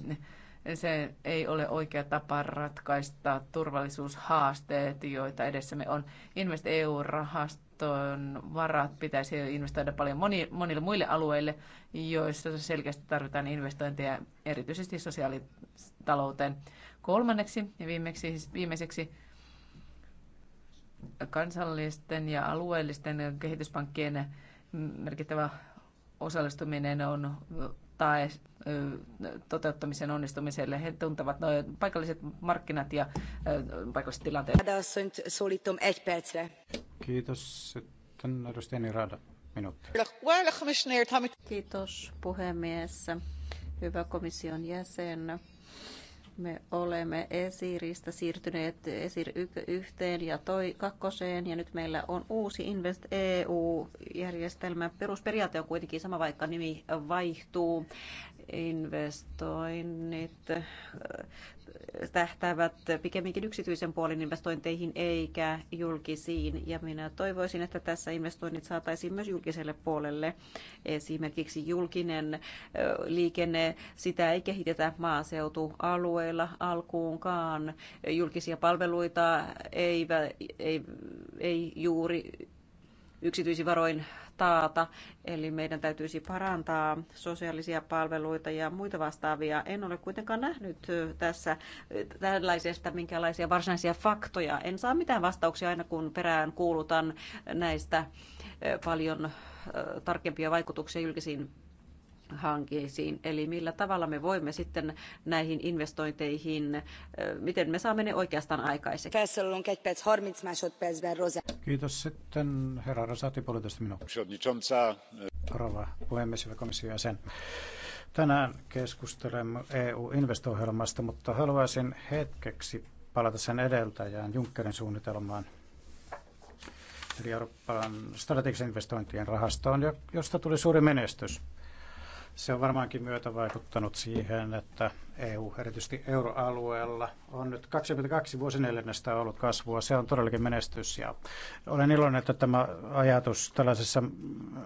se ei ole oikea tapa ratkaista turvallisuushaasteet, joita edessämme on. Invest EU-rahaston varat pitäisi investoida paljon moni, monille muille alueille, joissa selkeästi tarvitaan investointeja, erityisesti sosiaalitalouteen. Kolmanneksi ja viimeksi, viimeiseksi kansallisten ja alueellisten kehityspankkien merkittävä osallistuminen on tai toteuttamisen onnistumiselle. He tuntevat noin paikalliset markkinat ja paikalliset tilanteet. Kiitos. Sitten edustaja Nirada, minuutti. Kiitos puhemies. Hyvä komission jäsen me olemme Esiristä siirtyneet Esir yhteen ja toi kakkoseen ja nyt meillä on uusi Invest EU-järjestelmä. Perusperiaate on kuitenkin sama, vaikka nimi vaihtuu investoinnit äh, tähtäävät pikemminkin yksityisen puolen investointeihin eikä julkisiin. Ja minä toivoisin, että tässä investoinnit saataisiin myös julkiselle puolelle. Esimerkiksi julkinen äh, liikenne, sitä ei kehitetä maaseutualueilla alkuunkaan. Julkisia palveluita ei, ei, ei juuri yksityisivaroin varoin taata. Eli meidän täytyisi parantaa sosiaalisia palveluita ja muita vastaavia. En ole kuitenkaan nähnyt tässä tällaisesta minkälaisia varsinaisia faktoja. En saa mitään vastauksia aina kun perään kuulutan näistä eh, paljon eh, tarkempia vaikutuksia julkisiin hankkeisiin. Eli millä tavalla me voimme sitten näihin investointeihin, miten me saamme ne oikeastaan aikaiseksi. Kiitos sitten herra Rosati, puolitoista minuuttia. E, Rova puhemies, hyvä komission jäsen. Tänään keskustelemme eu investoohjelmasta mutta haluaisin hetkeksi palata sen edeltäjään Junckerin suunnitelmaan, eli Euroopan strategisen investointien rahastoon, josta tuli suuri menestys. Se on varmaankin myötä vaikuttanut siihen, että EU, erityisesti euroalueella, on nyt 22 vuosineljännestä ollut kasvua. Se on todellakin menestys ja olen iloinen, että tämä ajatus tällaisessa äh,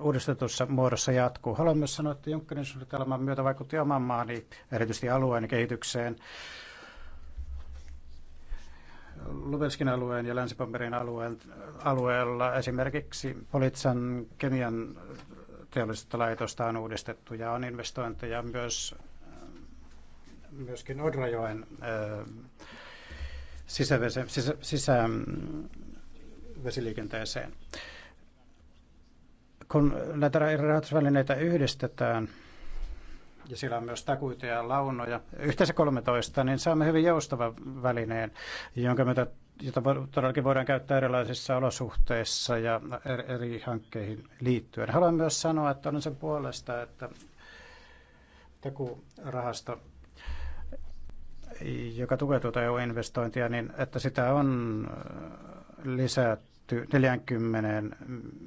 uudistetussa muodossa jatkuu. Haluan myös sanoa, että Junckerin suunnitelman myötä vaikutti oman maani, erityisesti alueen kehitykseen. Lubelskin alueen ja länsi alueen, alueella esimerkiksi Politsan kemian teollista laitosta on uudistettu ja on investointeja myös myöskin Odrajoen sisävese, sisä, sisävesiliikenteeseen. Kun näitä rahoitusvälineitä yhdistetään, ja siellä on myös takuita ja launoja, yhteensä 13, niin saamme hyvin joustavan välineen, jonka myötä jota todellakin voidaan käyttää erilaisissa olosuhteissa ja eri hankkeihin liittyen. Haluan myös sanoa, että olen sen puolesta, että rahasto joka tukee tuota EU-investointia, niin että sitä on äh, lisätty 40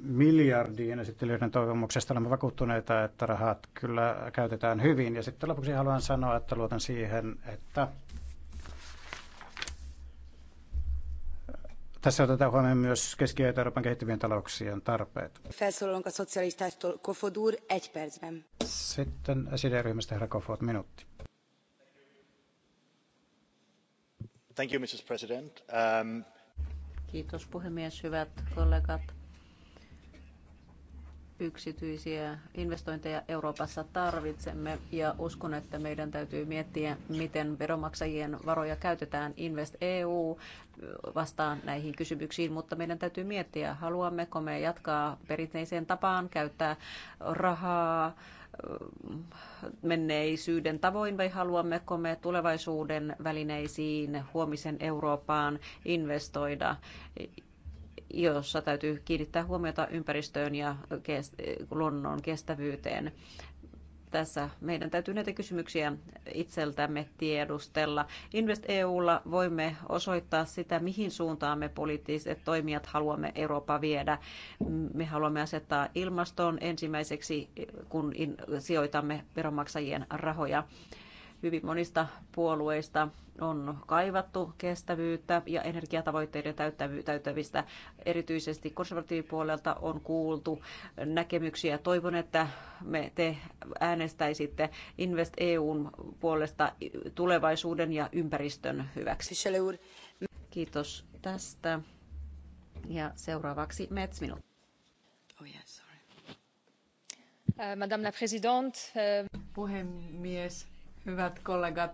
miljardiin esittelyiden toivomuksesta. Olemme vakuuttuneita, että rahat kyllä käytetään hyvin. Ja sitten lopuksi haluan sanoa, että luotan siihen, että Tässä otetaan huomioon myös Keski- ja Euroopan kehittyvien talouksien tarpeet. Sitten ryhmästä herra Kofod, minuutti. Thank you, Mrs. President. Um... Kiitos puhemies, hyvät kollegat yksityisiä investointeja Euroopassa tarvitsemme ja uskon, että meidän täytyy miettiä, miten veronmaksajien varoja käytetään. Invest EU vastaan näihin kysymyksiin, mutta meidän täytyy miettiä, haluammeko me jatkaa perinteiseen tapaan käyttää rahaa ähm, menneisyyden tavoin vai haluammeko me tulevaisuuden välineisiin huomisen Eurooppaan investoida jossa täytyy kiinnittää huomiota ympäristöön ja luonnon kestävyyteen tässä meidän täytyy näitä kysymyksiä itseltämme tiedustella. Invest EUlla voimme osoittaa sitä, mihin suuntaan me poliittiset toimijat haluamme Eurooppa viedä. Me haluamme asettaa ilmastoon ensimmäiseksi, kun sijoitamme veronmaksajien rahoja hyvin monista puolueista on kaivattu kestävyyttä ja energiatavoitteiden täyttävistä. Erityisesti konservatiivipuolelta on kuultu näkemyksiä. Toivon, että me te äänestäisitte Invest EUn puolesta tulevaisuuden ja ympäristön hyväksi. Kiitos tästä. Ja seuraavaksi Mets minut. Oh yeah, sorry. Uh, Madame la Présidente. Uh, Puhemies, Hyvät kollegat,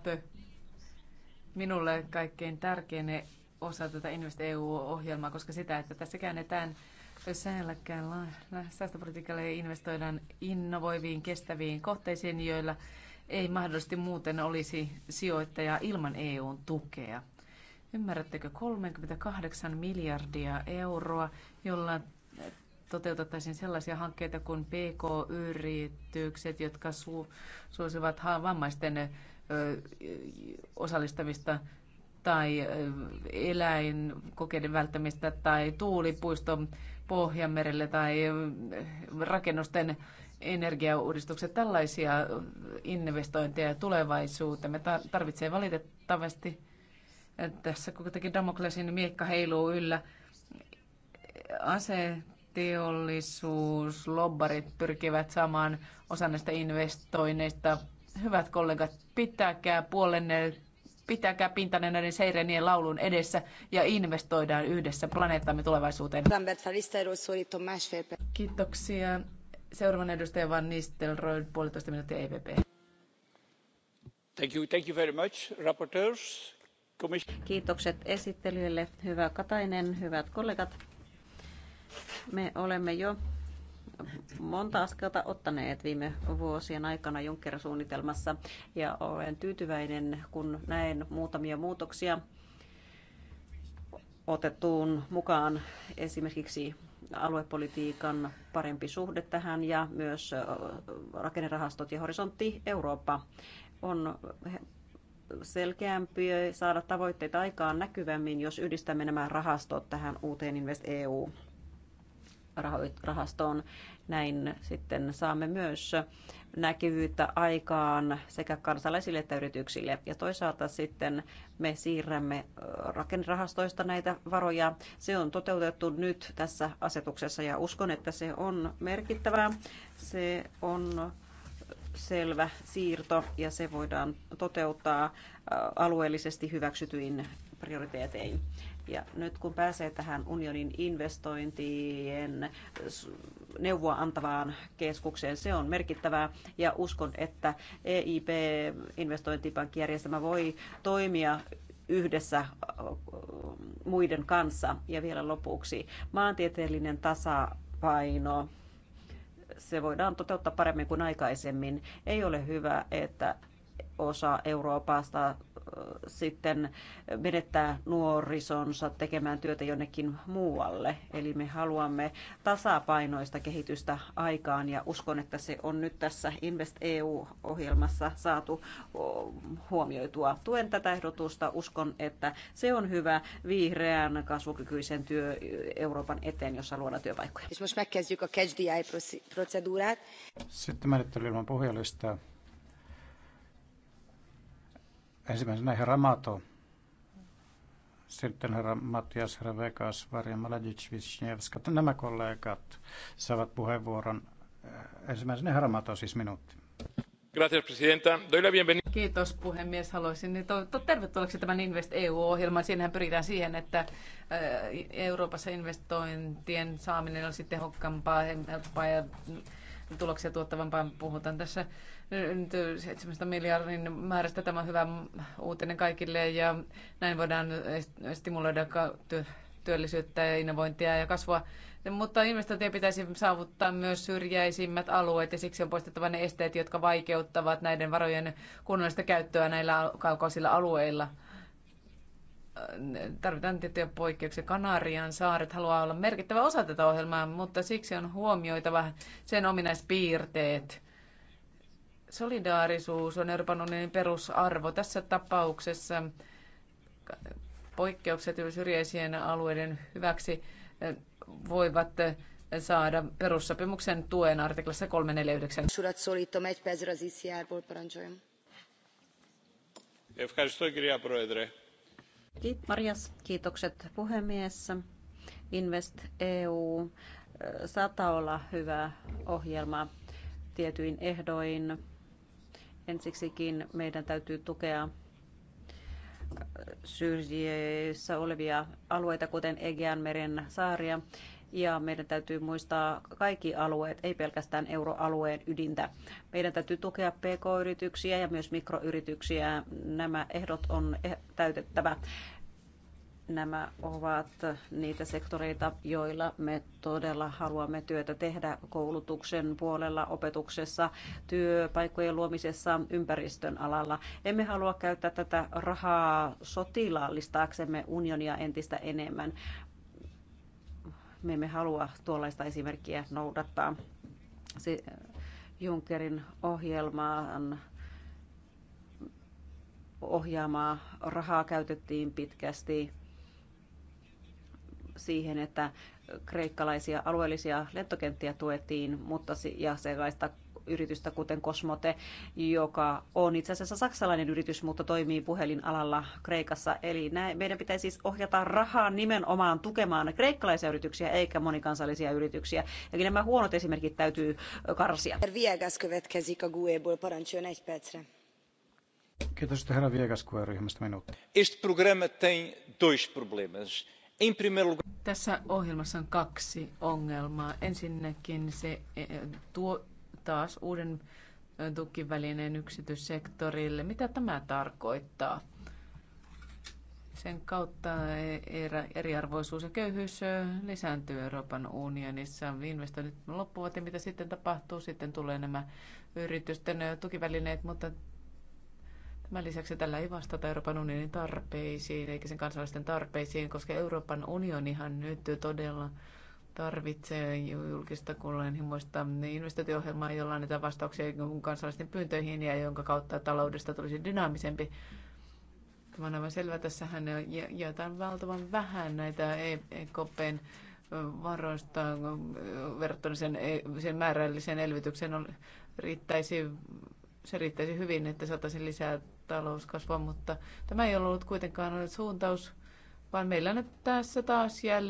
minulle kaikkein tärkein osa tätä Invest EU-ohjelmaa, koska sitä, että tässä käännetään säälläkään säästöpolitiikalle ja investoidaan innovoiviin, kestäviin kohteisiin, joilla ei mahdollisesti muuten olisi sijoittajaa ilman EUn tukea. Ymmärrättekö 38 miljardia euroa, jolla toteutettaisiin sellaisia hankkeita kuin PK-yritykset, jotka su- suosivat vammaisten osallistamista tai eläinkokeiden välttämistä tai tuulipuiston Pohjanmerelle tai rakennusten energiauudistukset, tällaisia investointeja tulevaisuuteen. Me tarvitsee valitettavasti tässä kuitenkin Damoklesin miekka heiluu yllä. Ase teollisuus, lobbarit pyrkivät saamaan osan näistä investoinneista. Hyvät kollegat, pitäkää puolenne, pitäkää pintanne näiden seirenien laulun edessä ja investoidaan yhdessä planeettamme tulevaisuuteen. Kiitoksia. Seuraavan edustaja Van Nistelrooy, puolitoista minuuttia EVP. Thank you, thank you very much, rapporteurs. Kiitokset esittelijöille, hyvä Katainen, hyvät kollegat me olemme jo monta askelta ottaneet viime vuosien aikana Juncker-suunnitelmassa ja olen tyytyväinen, kun näen muutamia muutoksia otettuun mukaan esimerkiksi aluepolitiikan parempi suhde tähän ja myös rakennerahastot ja horisontti Eurooppa on selkeämpi saada tavoitteita aikaan näkyvämmin, jos yhdistämme nämä rahastot tähän uuteen Invest EU rahastoon. Näin sitten saamme myös näkyvyyttä aikaan sekä kansalaisille että yrityksille. Ja toisaalta sitten me siirrämme rakennerahastoista näitä varoja. Se on toteutettu nyt tässä asetuksessa ja uskon, että se on merkittävää. Se on selvä siirto ja se voidaan toteuttaa alueellisesti hyväksytyin prioriteetein. Ja nyt kun pääsee tähän unionin investointien neuvoa antavaan keskukseen, se on merkittävää ja uskon, että EIP, investointipankkijärjestelmä, voi toimia yhdessä muiden kanssa. Ja vielä lopuksi maantieteellinen tasapaino se voidaan toteuttaa paremmin kuin aikaisemmin. Ei ole hyvä, että osa Euroopasta sitten menettää nuorisonsa tekemään työtä jonnekin muualle. Eli me haluamme tasapainoista kehitystä aikaan ja uskon, että se on nyt tässä Invest EU-ohjelmassa saatu huomioitua. Tuen tätä ehdotusta. Uskon, että se on hyvä vihreän kasvukykyisen työ Euroopan eteen, jossa luodaan työpaikkoja. Sitten määrittely ilman puhujalistaa. Ensimmäisenä herra Mato, sitten herra Matias Vekas, Varja Maladic, Vishnevska. Nämä kollegat saavat puheenvuoron. Ensimmäisenä herra Mato, siis minuutti. Gracias, presidenta. Doy la bienvenida. Kiitos puhemies. Haluaisin to, tervetulleeksi tämän Invest EU-ohjelman. Siinähän pyritään siihen, että Euroopassa investointien saaminen olisi tehokkaampaa, helpompaa ja tuloksia tuottavampaan. Puhutaan tässä nyt 7 miljardin määrästä. Tämä on hyvä uutinen kaikille ja näin voidaan stimuloida työllisyyttä ja innovointia ja kasvua. Mutta investointia pitäisi saavuttaa myös syrjäisimmät alueet ja siksi on poistettava ne esteet, jotka vaikeuttavat näiden varojen kunnollista käyttöä näillä kaukaisilla alueilla tarvitaan tiettyjä poikkeuksia. Kanarian saaret haluaa olla merkittävä osa tätä ohjelmaa, mutta siksi on huomioitava sen ominaispiirteet. Solidaarisuus on Euroopan unionin perusarvo. Tässä tapauksessa poikkeukset syrjäisien alueiden hyväksi eh, voivat eh, saada perussopimuksen tuen artiklassa 349. Surat solittom egy Marias, kiitokset puhemies. Invest EU saattaa olla hyvä ohjelma tietyin ehdoin. Ensiksikin meidän täytyy tukea syrjissä olevia alueita, kuten Egeanmeren saaria ja meidän täytyy muistaa kaikki alueet, ei pelkästään euroalueen ydintä. Meidän täytyy tukea pk-yrityksiä ja myös mikroyrityksiä. Nämä ehdot on eh, täytettävä nämä ovat niitä sektoreita, joilla me todella haluamme työtä tehdä koulutuksen puolella, opetuksessa, työpaikkojen luomisessa, ympäristön alalla. Emme halua käyttää tätä rahaa sotilaallistaaksemme unionia entistä enemmän, me emme halua tuollaista esimerkkiä noudattaa. Se eh, Junckerin ohjelmaan ohjaamaa rahaa käytettiin pitkästi siihen, että kreikkalaisia alueellisia lentokenttiä tuettiin, mutta se ja sellaista yritystä, kuten Kosmote, joka on itse asiassa saksalainen yritys, mutta toimii puhelinalalla Kreikassa. Eli näin, meidän pitää siis ohjata rahaa nimenomaan tukemaan kreikkalaisia yrityksiä eikä monikansallisia yrityksiä. Eli nämä huonot esimerkit täytyy karsia. Kiitos, että Kiitos, herra Viegas GUE-ryhmästä minuutti. Este programa tem dois problemas. Tässä ohjelmassa on kaksi ongelmaa. Ensinnäkin se eh, tuo taas uuden tukivälineen yksityissektorille. Mitä tämä tarkoittaa? Sen kautta eriarvoisuus ja köyhyys lisääntyy Euroopan unionissa. Investoinnit loppuvat ja mitä sitten tapahtuu? Sitten tulee nämä yritysten tukivälineet, mutta Tämän lisäksi tällä ei vastata Euroopan unionin tarpeisiin eikä sen kansalaisten tarpeisiin, koska Euroopan unionihan nyt todella tarvitsee julkista kunnianhimoista investointiohjelmaa, jolla annetaan vastauksia kansalaisten pyyntöihin ja jonka kautta taloudesta tulisi dynaamisempi. Tämä on aivan selvä. Tässähän jaetaan valtavan vähän näitä EKPn varoista verrattuna sen, sen määrälliseen elvytykseen. Riittäisi, se riittäisi hyvin, että saataisiin lisää talouskasvua, mutta tämä ei ollut kuitenkaan suuntaus, vaan meillä nyt tässä taas jälleen